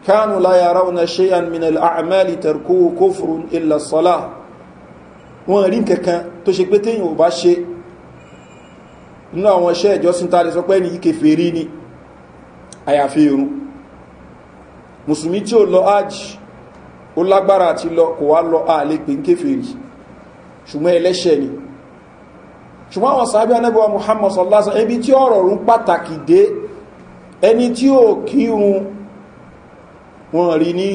kánù láyà ráuna ṣeyan min al'amali tarkó kófùrún ilẹ̀ sọ́lá wọn rí irun mùsùlùmí tí ó lọ hajj ó lágbára àti lọ kò wá lọ ààlè pé ń kéfèrè ṣùgbọ́n ẹlẹ́ṣẹ̀ ni ṣùgbọ́n àwọn sàábí anẹ́bọ̀wà muhammad sallásán ẹbí tí ọ̀rọ̀ rún pàtàkì dé ẹni tí ó kírun wọn rí ní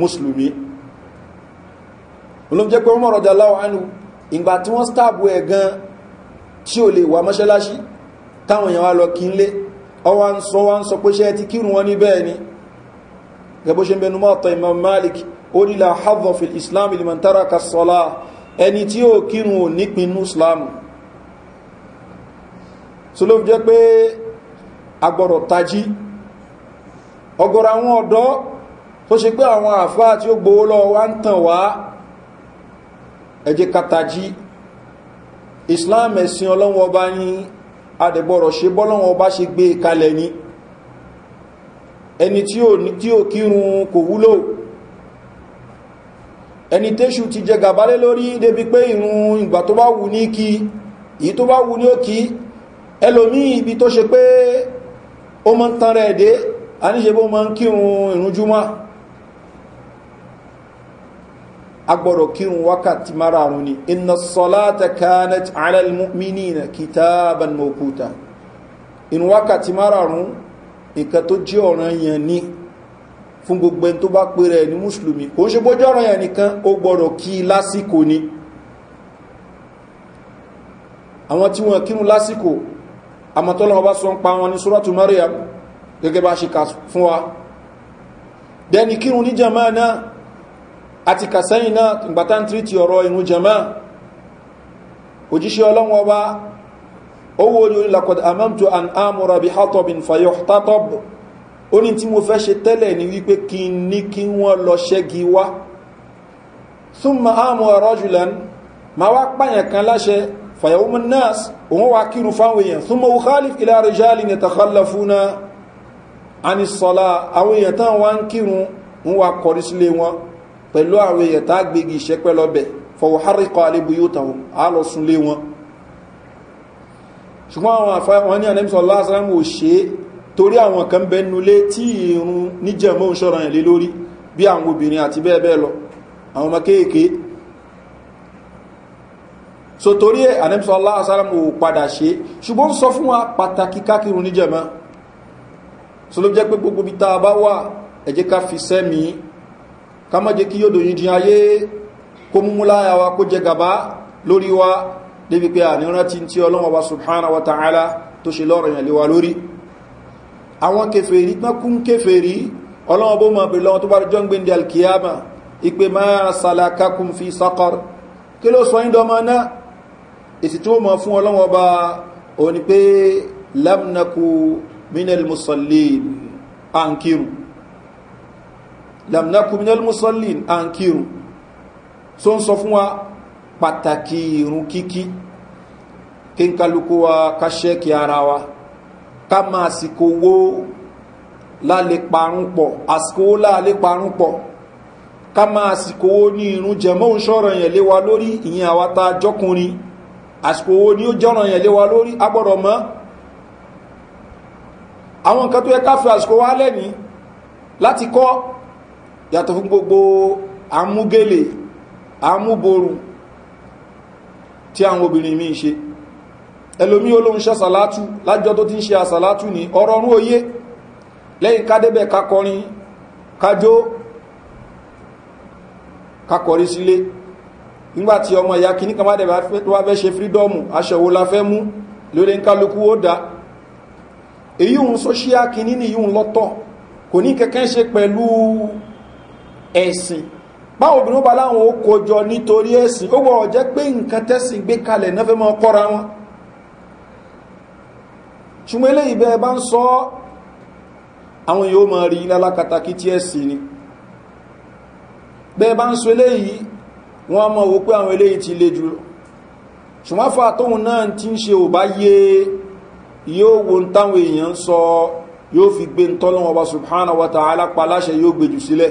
mùsùlùmí olóòjẹ́ pé wọ́n mọ̀rọ̀ jaláwọ̀ ánú ìgbà tí wọ́n stáàbù ẹ̀ gan tí ó lè wà mọ́ṣẹ́láṣí táwọn èèyàn wá lọ kí ń lé ọwá ń sọ wá ń sọ pé ṣẹ́ ti kírun wọn ní bẹ́ẹ̀ ni gẹ́gbó ṣe bẹnu mọ́ta imam malik ó nílà hadhofil islam ilimantara kasola ẹni tí ó kírun ò nípinú islam so ló jẹ́ pé agbọ̀rọ̀ tají ọgọ̀rọ̀ àwọn ọ̀dọ́ tó ṣe pé àwọn àfáà tí ó gbówó lọ wá ń tàn wá ẹjẹ́ katají islam ẹ̀sìn ọlọ́wọ́ bá ní adẹ̀gbọ̀rọ̀ ṣe bọ́lọ́wọ́ bá ṣe gbé kalẹ̀ ní ẹni tí ò ní tí ò kírun kò wúlò ẹni tẹ́ṣù ti jẹ gàbálé lórí débi pé ìrùn ìgbà tó bá wù ní kí èyí tó bá wù ní ó kí ẹlòmí ibi tó ṣe pé ó mọ́ ń tan rẹ̀ dé a ní bó mọ́ ń kírun ìrúnjúmọ́ agbọ̀rọ̀ kírun wákàtí márààrún ni iná sọláta kanet alẹ́lmínì kìtàbàn mọ́kúta inú wákàtí márààrún nǹkan tó jẹ́ ọ̀ràn yẹn ní fún gbogbo ẹni tó bá pèrè ní mùsùlùmí kò ń ṣe bójú ọ̀ràn yẹn nìkan ó gbọ́dọ̀ kí lásìkò ni àwọn tí wọ́n kírun lásìkò àmọ́tọ́lọ́wọ́ bá sọ ń pa wọn ní sọ́rọ̀tù maria gẹ́gẹ́ bá ṣe kà fún wa dẹni kírun ní jama náà àti kàsẹ́yìn náà ìgbàtà ọ̀rọ̀ ìrún jama òjíṣẹ́ ọlọ́wọ́ bá ó wo ni lakọ̀dà amamtu an amura bi hatobin fayo tatob ó ní tí mo fẹ́ ṣe tẹ́lẹ̀ ni wípé kí n ní kí wọ́n lọ ṣẹ́gi wá súnmọ́ amura rọ́jùlan ma wá pààyàn kan láṣẹ fayo mun nas òun wá kírun fáwọn èèyàn súnmọ́ ukhalif ilá rìjálì ni takhallafuna anisọ́lá àwọn ṣùgbọ́n àwọn àfá wọn ní ànẹ́mìsọ̀ lásán ò ṣe torí àwọn kan bẹnulé tí ìrún níjẹ̀mọ́ ń ṣọ́ra ìlé lórí bí àwọn obìnrin àti bẹ́ẹ̀ bẹ́ẹ̀ lọ àwọn ọmọ kéèké so torí ẹ̀ ànẹ́mìsọ̀ lásán ò padà ṣe ṣùgbọ́n sọ fún wa pàtàkì kákìrún níjẹ̀mọ́ so ló jẹ́ pé gbogbo bí débi pé ànírántí tí ọlọ́wọ́ wa subhanahu wa ta'ala tó ṣe lọ́rọ̀ yàn léwa lórí àwọn kèfèrí tọ́kún kèfèrí ọlọ́wọ́ bó mọ̀ pé lọ́wọ́ tó bá jọ ń gbé ní alkiyama ipe máa salakakun fi sakọr kí ló sọ ìdọ́mọ náà èsì tí ó mọ̀ fún ọlọ́wọ́ pàtàkì irun kíkí kí n kálukú wa ká ṣẹ́ẹ̀kì ara wa ká máa sìkò wó lálẹ́ parun pọ̀ àsìkò wó lálẹ́ parun pọ̀ ká máa sìkò wó ní irun jẹ̀mọ́ ń ṣọ́rọ̀ yẹn lé wa lórí ìyẹn àwa tá jọ́kùnrin àsìkò wó ní ó jọ́rọ̀ yẹn lé wa lórí agbọ́dọ̀ mọ́ àwọn nǹkan tó yẹ ká fi àsìkò wá lẹ́ni láti kọ́ yàtọ̀ fún gbogbo àmúgélé àmúborùn tí àwọn obìnrin mi ń ṣe ẹlòmí olóhun ṣe àsàlátù lájọ́ tó ti ń ṣe àsàlátù ní ọ̀rọ̀ ọ̀rún oyé lẹ́yìn kádẹ́bẹ̀ kakọrin kájó kakọrí sílé nígbàtí ọmọ ìyá kìíní kan bá dẹ̀ wá fẹ́ ni yíò lọ́tọ̀ kò ní kẹ́kẹ́ ṣe pẹ̀lú ẹ̀sìn báwọn obìnrin bá láwọn ó kojọ nítorí ẹ̀sìn ó wọ́n jẹ́ pé nǹkan tẹ́sìn gbé kalẹ̀ náà fẹ́ mọ́ kọ́ra wọn ṣùgbọ́n ilé ìbẹ̀ bá ń sọ àwọn yóò mọ̀ rí lálákatakí tí ẹ̀sìn ni bẹ́ẹ̀ bá ń sọ eléyìí wọ́n mọ̀ wó pé àwọn eléyìí ti le jù ṣùgbọ́n fà tóhun náà ti ń ṣe ò bá yé yóò wo ń táwọn èèyàn sọ yóò fi gbé ń tọ́lọ́wọ́ bá subhanahu wa ta'ala pa láṣẹ yóò gbèjù sílẹ̀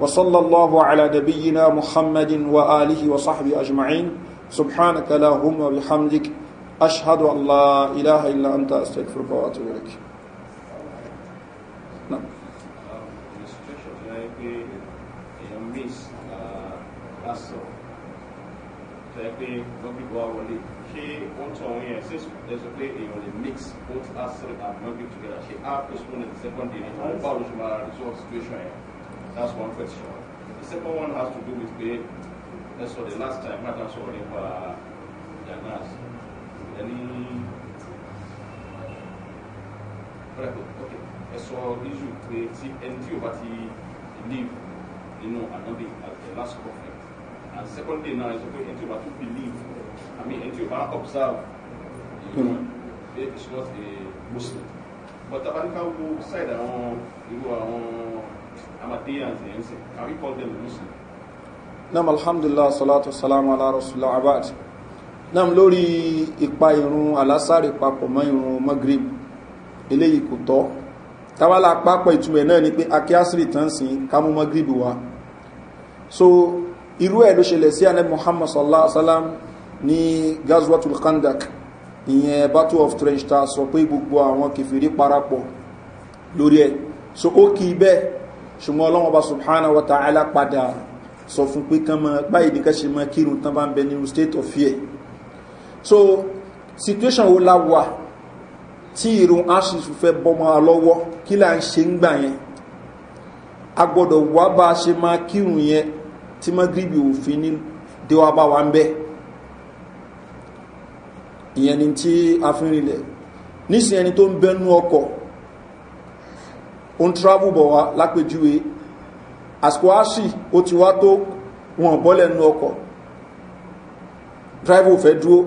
وصلى الله على نبينا محمد وآله وصحبه أجمعين سبحانك لا هم وبحمدك أشهد أن لا إله إلا أنت أستغفرك وأتوب إليك نعم pé mọ́gbìgbò wa wọlé ṣé wọ́n tún àwọn yẹn six days pé èèyàn lè mix both asiri and mọ́gbìgbò together ṣe half a spoon in the second day ní ọ̀rọ̀ báwo ló ṣe máa resolve situation yẹn. That's one question. The second one has to do with the, that's for the last time, I was talking about Janas. Any, okay, So all issue creative, and you what he believe, you know, another at the last prophet. And secondly now it's okay, and you what you believe, I mean, and you observe, you know, it's not a Muslim. But the African will say that, you know, Ahmadiyans and MC. Can we call them Muslim? Nam alhamdulillah salatu salamu ala rasulullah abad. Nam lórí ipa irun alásàrì papọ̀ mọ́ irun Maghrib eléyìí kò tọ́. Tawala papọ̀ ìtumẹ̀ náà ni pé akíásírì tán sí kámú Maghrib wa. So irú ẹ̀ ló ṣẹlẹ̀ sí Anẹ́ Muhammad sallallahu alaihi wasallam ni Gazwatul Khandak ìyẹn Battle of Trench ta sọ pé gbogbo àwọn kẹfìrí parapọ̀ lórí ẹ̀. So ó kì í ṣùgbọ́n ọlọ́wọ́n bá subhanahu wa ta'ala padà sọ fún pé kán mọ báyìí ní kẹ́ṣe mọ kírun tán bá ń bẹ nínú state of fear so situation wo la wà tí irun ashisu fẹ́ bọ́mọ lọ́wọ́ kí là ń ṣe ń gbà yẹn a gbọ́dọ̀ wá bá a ṣe máa kírun yẹn tí magribi òfin ní déwà bá wa ń bẹ́ ìyẹn ni tí a fi ń nísìnyẹn ni tó ń bẹ́nu ọkọ̀ ó ń travel bọ̀ wá lápèjúwe àsìkò áṣì ó ti wá tó wọn bọ́lẹ̀ nú ọkọ̀ driver fẹ́ dúró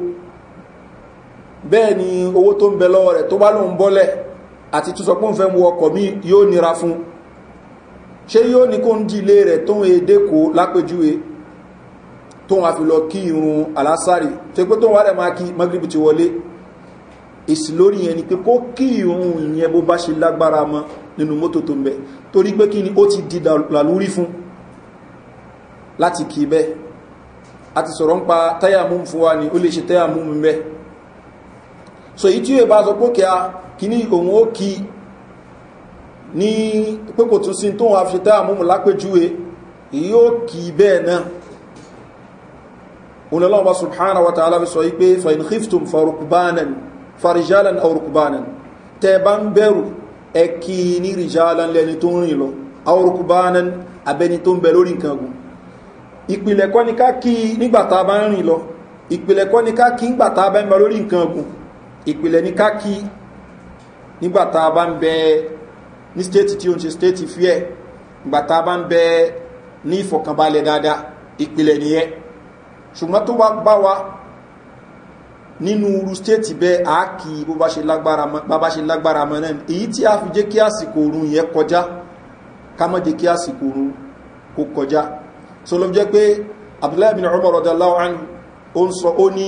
bẹ́ẹ̀ ni owó tó ń bẹ lọ́wọ́ rẹ̀ tó bá lóun bọ́lẹ̀ àti tó sọ pé òun fẹ́ mú ọkọ̀ mi yóò nira fún ṣé yóò ní kó ń di ilé rẹ̀ tóun èdè kó lápèjúwe tóun àfi lọ kí irun alásàrì tó pé rẹ̀ máa kí magribi ti wọlé èsì lórí yẹn ni pé kó kí ìhun ìyẹn bó bá ṣe lágbára mọ́ nínú mọ́tò tó ń bẹ torí pé kí ni ó ti di làlúrí fún láti kì bẹ́ a sọ̀rọ̀ ń pa táyàmú fún wa ni ó lè ṣe táyàmú bẹ́ so èyí tí ó bá sọ pé a kí ní òun ó kí ní pépò tún sí tóun a fi táyàmú mu lápéjúwe èyí ó bẹ́ẹ̀ náà òun subhanahu wa ta'ala fi sọ yí pé fa in khiftum farukbanan farijalan aurukubanan rukbanan, bá beru, bẹ̀rù ẹ rijalan lẹni tó ń rìn lọ aurukubanan abẹni tó ń bẹ lórí nǹkan gùn ìpìlẹ̀ kọ́ ní ká kí nígbàtà bá ń rìn lọ ìpìlẹ̀ kọ́ ní ká kí nígbàtà bá ń bẹ lórí nǹkan gùn ìpìlẹ̀ ní ká kí nígbàtà bá ń bẹ ní stéètì tí ó ń ṣe stéètì fíẹ̀ nígbàtà bá ń bẹ ní ìfọ̀kànbalẹ̀ dáadáa ìpìlẹ̀ wa nínú uru stéètì bẹ́ àákì bá bá ṣe lágbára mọ́ náà èyí tí a fi jẹ́ kí àsìkò oorun yẹ kọjá ká mọ́ jẹ́ kí àsìkò oorun kó kọjá so ló jẹ́ pé abdullahi bin umar radallahu an ó ń sọ ó ní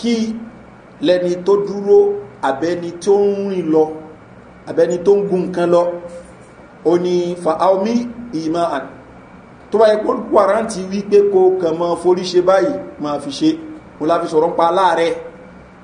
kí lẹni tó dúró abẹni tó ń rìn lọ abẹni tó ń gun nǹkan lọ ó ní fa aomi ìmọ̀ àn tó bá yẹ kó wàrántí wípé kó kàn mọ́ forí ṣe báyìí máa fi ṣe kó láfi sọ̀rọ̀ pa láàrẹ̀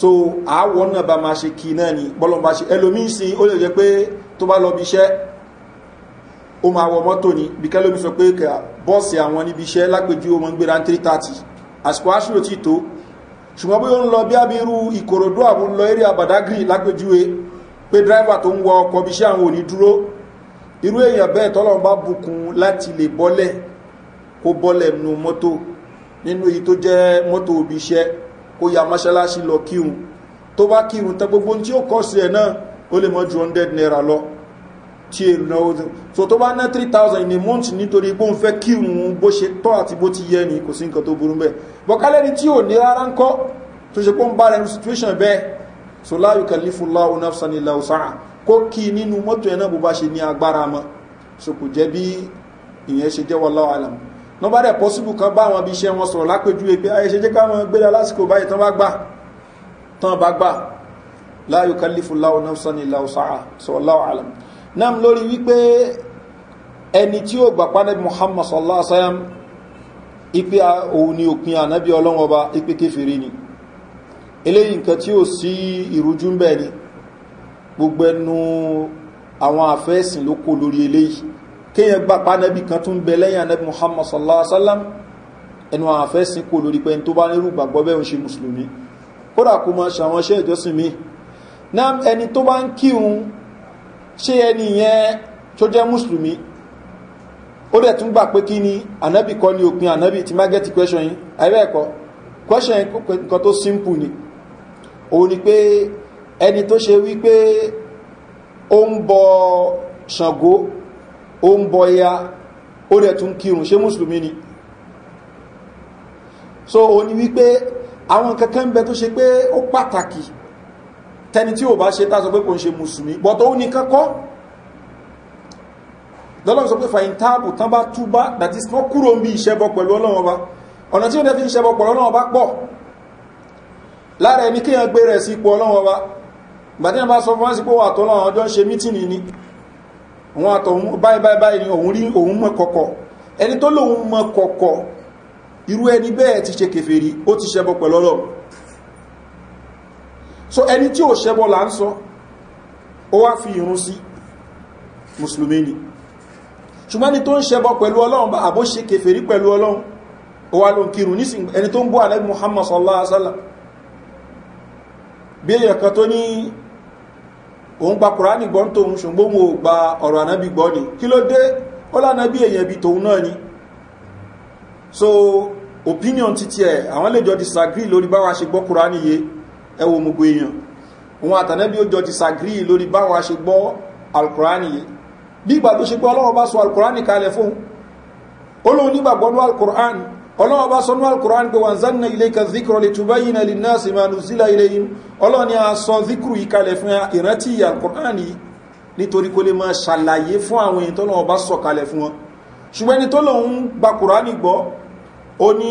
so àwọ̀ náà bá máa ṣe kí náà ni bọ́lọ̀mbá ṣe ẹlòmí sí ó lè jẹ́ pé tó bá lọ bí iṣẹ́ ó máa wọ mọ́tò ni bí kẹ́lómi sọ pé bọ́ọ̀sì àwọn níbi iṣẹ́ lápèjú ọmọ gbéra 330 àsìkò aṣírò tí tó ṣùgbọ́n bí ó ń lọ bí abirú ìkòròdú àwọn lọ eré àbàdágìrì lápèjúwe pé dráìvà tó ń wọ ọkọ̀ bí iṣẹ́ àwọn òní dúró irú èèyàn bẹ́ẹ̀ tọ́lọ́run bá bukun láti lè bọ́lẹ̀ kó bọ́lẹ̀ nù mọ́tò nínú èyí tó jẹ́ mọ́tò òbí iṣẹ́ kó ya mọ́ṣáláṣí lọ kírun tó bá kírun tán gbogbo tí ó kọ́ sí ẹ̀ náà ó lè mọ́ ju 100 naira lọ tí èrò náà ó dùn so tó bá ná 3000 ní month nítorí pé fẹ́ kírun bó ṣe tọ́ àti bó ti yẹ ni kò sí nǹkan tó burú bẹ́ẹ̀ bọ́kálẹ́ni tí ò ní rárá ń kọ́ tó ṣe pé ń bá rẹ̀ situation bẹ́ẹ̀ so láyò kàlífùlá onáfsanilá ọ̀sáà kó kí nínú mọ́tò ẹ̀ náà bó bá ṣe ní agbára mọ́ so kò jẹ́ bí ìyẹn ṣe jẹ́ wọ́n láwàlàmù wọ́n bá dẹ̀ pọ́síbù kan bá àwọn ibiṣẹ́ wọn sọ̀rọ̀ lápẹjúwe pé ayẹṣẹ́ jẹ́ káwọn gbéra lásìkò báyìí tán bá gbà tán bá gbà láyò kálífù láwọn náà ní láwùsáà sọ̀láwù alam náà lórí wípé ẹni tí ó gbà pánẹ́bí muhammad sallallahu alaihi wasallam ipe òun ni òpin ànábí ọlọ́wọ́ ọba ipe kéfèrè ló kó lórí eléyìí kéèyàn gbà pa anabi kan tún bẹ lẹ́yìn anabi muhammad sallallahu alaihi wasallam sallam ẹnu àwọn afẹ́sìn kò lórí pé ẹni tó bá nírú gbàgbọ́ bẹ́ẹ̀ ń ṣe mùsùlùmí kódà kó máa ṣàwọn iṣẹ́ ìjọsìn mi náà ẹni tó bá ń kírun ṣé ẹni yẹn tó jẹ́ mùsùlùmí ó dẹ̀ tún gbà pé kí ni anabi kọ́ ni òpin anabi ti máa gẹ́tì question yìí àìbẹ́ ẹ̀kọ́ question yìí nǹkan tó simple ni òun ni pé ẹni tó ṣe wípé ó ń bọ ṣàngó o ń bọ ya ó rẹ̀ tún kírun ṣé mùsùlùmí ni so o ni wípé àwọn kankan bẹ tó ṣe pé ó pàtàkì tẹni tí ò bá ṣe tá pé kò ń ṣe mùsùlùmí bọ̀tọ̀ ó ní kankọ́ lọ́lọ́run sọ pé fàyín táàbù tán bá túbá that is kúrò ń bí ìṣẹ́bọ pẹ̀lú ọlọ́run ọba ọ̀nà tí ó fi ń ṣẹbọ pẹ̀lú ọlọ́run ọba pọ̀ lára ẹni kíyàn gbé rẹ̀ sí ipò ọlọ́run ọba gbàdínà bá sọ fún sí pé wà tọ́lọ́run ọjọ́ ń ni wọn àtọ̀hún báyìí báyìí báyìí ni òun rí òun mọ̀ kọ̀kọ̀ ẹni tó lòun mọ̀ kọ̀kọ̀ irú ẹni bẹ́ẹ̀ ti ṣe kèfèrí ó ti ṣẹbọ pẹ̀lọ́lọ̀ so ẹni tí ò ṣẹbọ là ń sọ ó wá fi irun sí mùsùlùmí ni ṣùgbọ́n ni tó ń ṣẹbọ pẹ̀lú ọlọ́run bá àbó ṣe kèfèrí pẹ̀lú ọlọ́run ó wá ló kírun nísìn ẹni tó ń bú alẹ́ muhammad sallallahu alaihi wasallam bí èèyàn kan tó ní òun gba kùránì gbọ́ ń tóun ṣùgbọ́n mo gba ọ̀rọ̀ ànábì gbọ́ ni kí ló dé ó lánàbí èèyàn ibi tóun náà ni so opinion titi ẹ̀ àwọn lè jọ disagree lórí báwa ṣe gbọ́ kùránì yé ẹ wo gbogbo èèyàn òun àtànábí ó jọ disagree lórí báwa ṣe gbọ́ alkùránì yé bí ìgbà tó ṣe gbọ́ ọlọ́wọ́ bá sọ alkùránì kalẹ̀ fún ó lóun alkùránì ọlọ́wọ́ bá sọ́nú alkùnrán pé wọ́n zanna ilé ka zikro lè túbá yìí na lè náà sì máa nùsílá ilé yìí ọlọ́wọ́ ni a sọ zikro ìkalẹ̀ fún ìrántí alkùnrán yìí nítorí kó lè máa ṣàlàyé fún àwọn èyí tọ́lọ́wọ́ bá sọ kalẹ̀ fún wọn ṣùgbọ́n ẹni tó lòun gba kùrán gbọ́ ó ní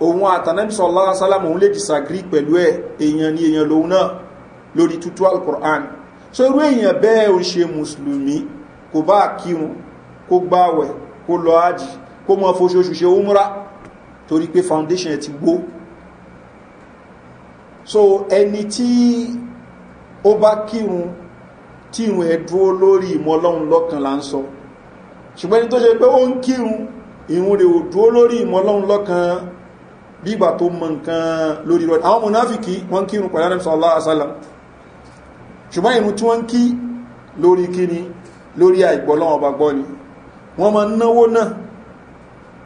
òun àtànẹ́bísọ̀ lásálàm òun kó mọ́ fóṣoṣù ṣe ó múra torí pé foundation ẹ̀ ti gbó so ẹni tí ó bá kírun tí ìrùn ẹ̀ dúró lórí ìmọ̀ ọlọ́run lọ́kàn là ń sọ ṣùgbọ́n ẹni tó ṣe pé ó ń kírun ìrùn rẹ̀ ò dúró lórí ìmọ̀ ọlọ́run lọ́kàn bígbà tó mọ̀ nǹkan lórí rọ̀ àwọn mọ̀náfìkì wọ́n kírun pẹ̀lú àrẹ́sọ̀ aláàsálàm ṣùgbọ́n ìrùn tí wọ́n kí lórí kíni lórí àìgbọ́lọ́wọ́ bàgbọ́ ni wọ́n ma náwó náà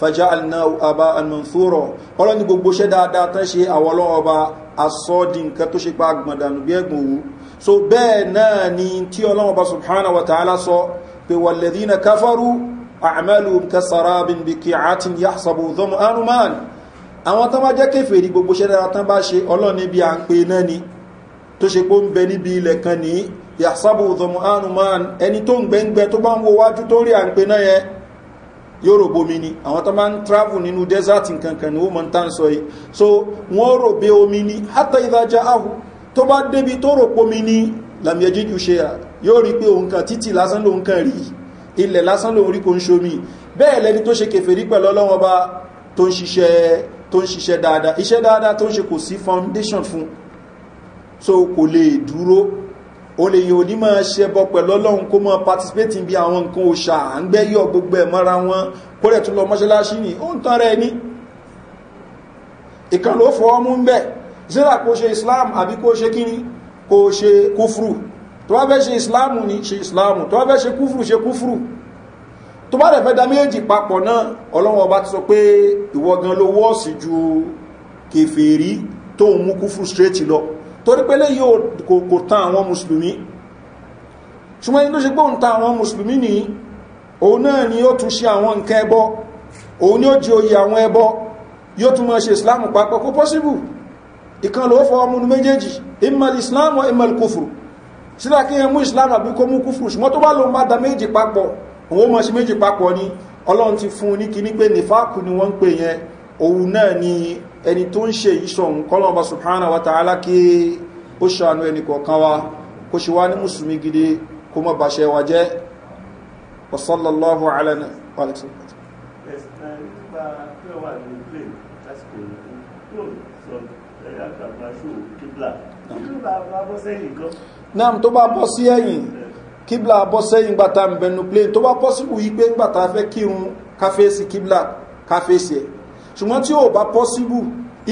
fàjá àlìná àbá àmọ̀fúrọ̀ ọlọ́ ní gbogbo ṣẹ́ dáadáa tán ṣe àwọn ọlọ́ọba asọ́dì nǹkan tó ṣe pa gbọ̀ndànù bí ẹgbùn òwú so bẹ́ẹ̀ náà ni tí ọlọ́ọba subhanahu wa ta'ala sọ pé wàlẹ̀dínà káfàrú àmàlù kẹsàrábìn bí kí àtin yàṣàbò zọmọ anumán àwọn tán bá jẹ́ kéfèrí gbogbo ṣẹ́ dáadáa tán bá ṣe ọlọ́ni bí à ń pe náà ni tó ṣe yóò rò bomi ni àwọn tó máa ń travel nínú desert nkankan ni ó mọ̀ ń tán sọ yìí so wọ́n rò bẹ omi ni hátà ìdájá áhù tó bá débi tó rò pomi ni làmìyàjí ju ṣe à yóò rí pé òun kan títì lásán lòun kan rí ilẹ̀ lásán lòun rí kò ń ṣomi bẹ́ẹ̀ lẹni tó ṣe kẹfẹ́rí pẹ̀lú so kò lè o lè yìn òní máa ṣe bọ pẹ̀lú ọlọ́run kó mọ́ participate bí àwọn nǹkan òṣà à ń gbẹ́ yọ gbogbo ẹ̀ mọ́ra wọn kó rẹ̀ tún lọ mọ́ṣáláṣí ni ó ń tán rẹ̀ ní ìkan ló fọwọ́ mú ń bẹ̀ zera kó ṣe islam àbí kó ṣe kíní kó ṣe kúfrù tó bá fẹ́ ṣe islam ni ṣe islam tó bá fẹ́ ṣe kúfrù ṣe kúfrù tó bá rẹ̀ fẹ́ da méjì papọ̀ náà ọlọ́run ọba ti sọ pé ìwọ gan ló wọ́ọ̀sì ju kèfèrí tó ń mú kúfrù straight lọ torí pé léyìí kò tán àwọn musulmi ṣùgbọ́n inú ṣe gbóhùn tán àwọn musulmi ní òun náà ni ó tún ṣe àwọn nǹkan ẹbọ òun ni ó jẹ oyè àwọn ẹbọ yóò tún mọ́ ṣe islam papọ̀ kó pọ́síbù ìkan ló fọ́ ọmọ méjèèjì imal islam o imal kufru sílá kí ẹmú islam àbí kó mú kufru ṣùgbọ́n tó bá ló má da méjì papọ̀ òun mọ́ ṣe méjì papọ̀ ni ọlọ́run ti fún ní kíní pé nífàkù ni wọ́n ń pè yẹn òun náà ni ẹni tó ń ṣe ìṣọ̀ kọ́lọ̀ọba subhana wa ta'ala kí ó ṣàánú ẹni kọ̀ọ̀kan wa kó ṣe wá ní musulmi gidi kó mọ̀ wa jẹ́ wasallallahu alana alexander náà tó bá bọ́ sí ẹ̀yìn kíblà bọ́ sẹ́yìn gbàtà ìbẹ̀nù plane tó bá pọ́sílù wípé gbàtà fẹ́ ṣùgbọ́n tí ó bá pọ́síbù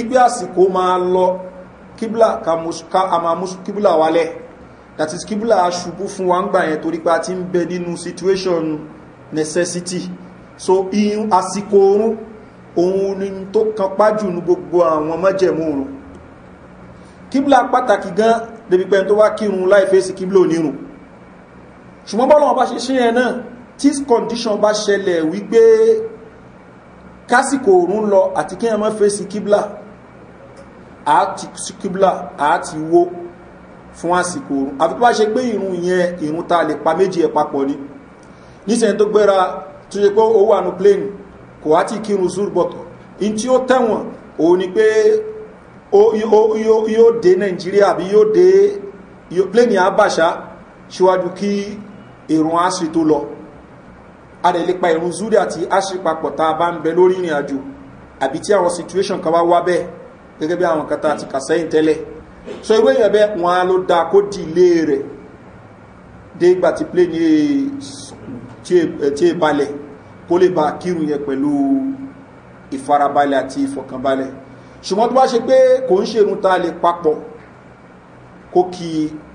ipé àsìkò máa lọ kíbla kíbla wálẹ̀ that is kíbla aṣubú fún wa ń gbà yẹn torí pa ti ń bẹ nínú situation necessity so in àsìkò oorun òun ni tó kan pájù ní gbogbo àwọn mọ́jẹ̀mú oorun kíbla pàtàkì gan débi pẹ́ tó wá kírun láìfẹ́sì kíbla onírun ṣùgbọ́n bọ́lọ̀ bá ṣe ṣe yẹn náà tí condition bá ṣẹlẹ̀ wípé kásìkò òrùn lọ àti kí ẹmọ́ fèsì kíblà àti kíblà àti wó fún àsìkò òrùn àfikúwá ṣe pé ìrùn yẹn ìrùn ta lè pa méjì ẹ papọ̀ ni nísẹ̀yìn tó gbéra tó ṣe pé ó wà ní plane kò wá tí kírun zúrbọ̀tọ̀ in tí ó tẹ̀wọ̀n òun ni pé yóò dé nàìjíríà àbí yóò dé plane yà síwájú kí ìrùn àsìkò tó lọ adẹ̀ lè pa ìrún zúrí àti aṣípapọ̀ tá a bá ń bẹ lórí ìrìn àjò àbí tí àwọn situation kan bá wá bẹ́ẹ̀ gẹ́gẹ́ bí àwọn kan tá a ti kà sẹ́yìn tẹ́lẹ̀ so ìwé yẹn bẹ́ẹ̀ wọn á ló da kó di ilé rẹ̀ dé ìgbà tí plé ní tí è balẹ̀ kó lè ba kírun yẹn pẹ̀lú ìfarabalẹ̀ àti ìfọ̀kànbalẹ̀ ṣùgbọ́n tó bá ṣe pé kò ń ṣe irun lè papọ̀ kó kí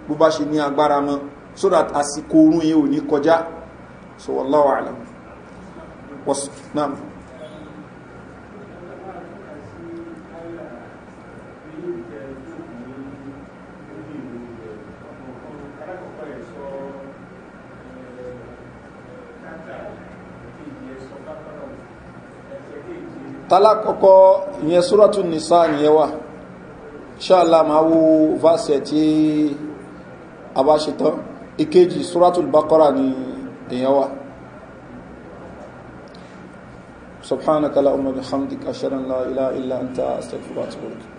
bó bá ṣe ní agbára mọ́ so that àsìkò orun yẹn ò ní kọjá so wallahu alam was naam talakọ́kọ́ ìyẹn súrọ́tù nìsá nìyẹn wà ṣáàlá ma wó vásẹ̀ tí a bá ṣetán ni يوا سبحانك اللهم بحمدك اشهد ان لا اله الا انت استغفرك واتوب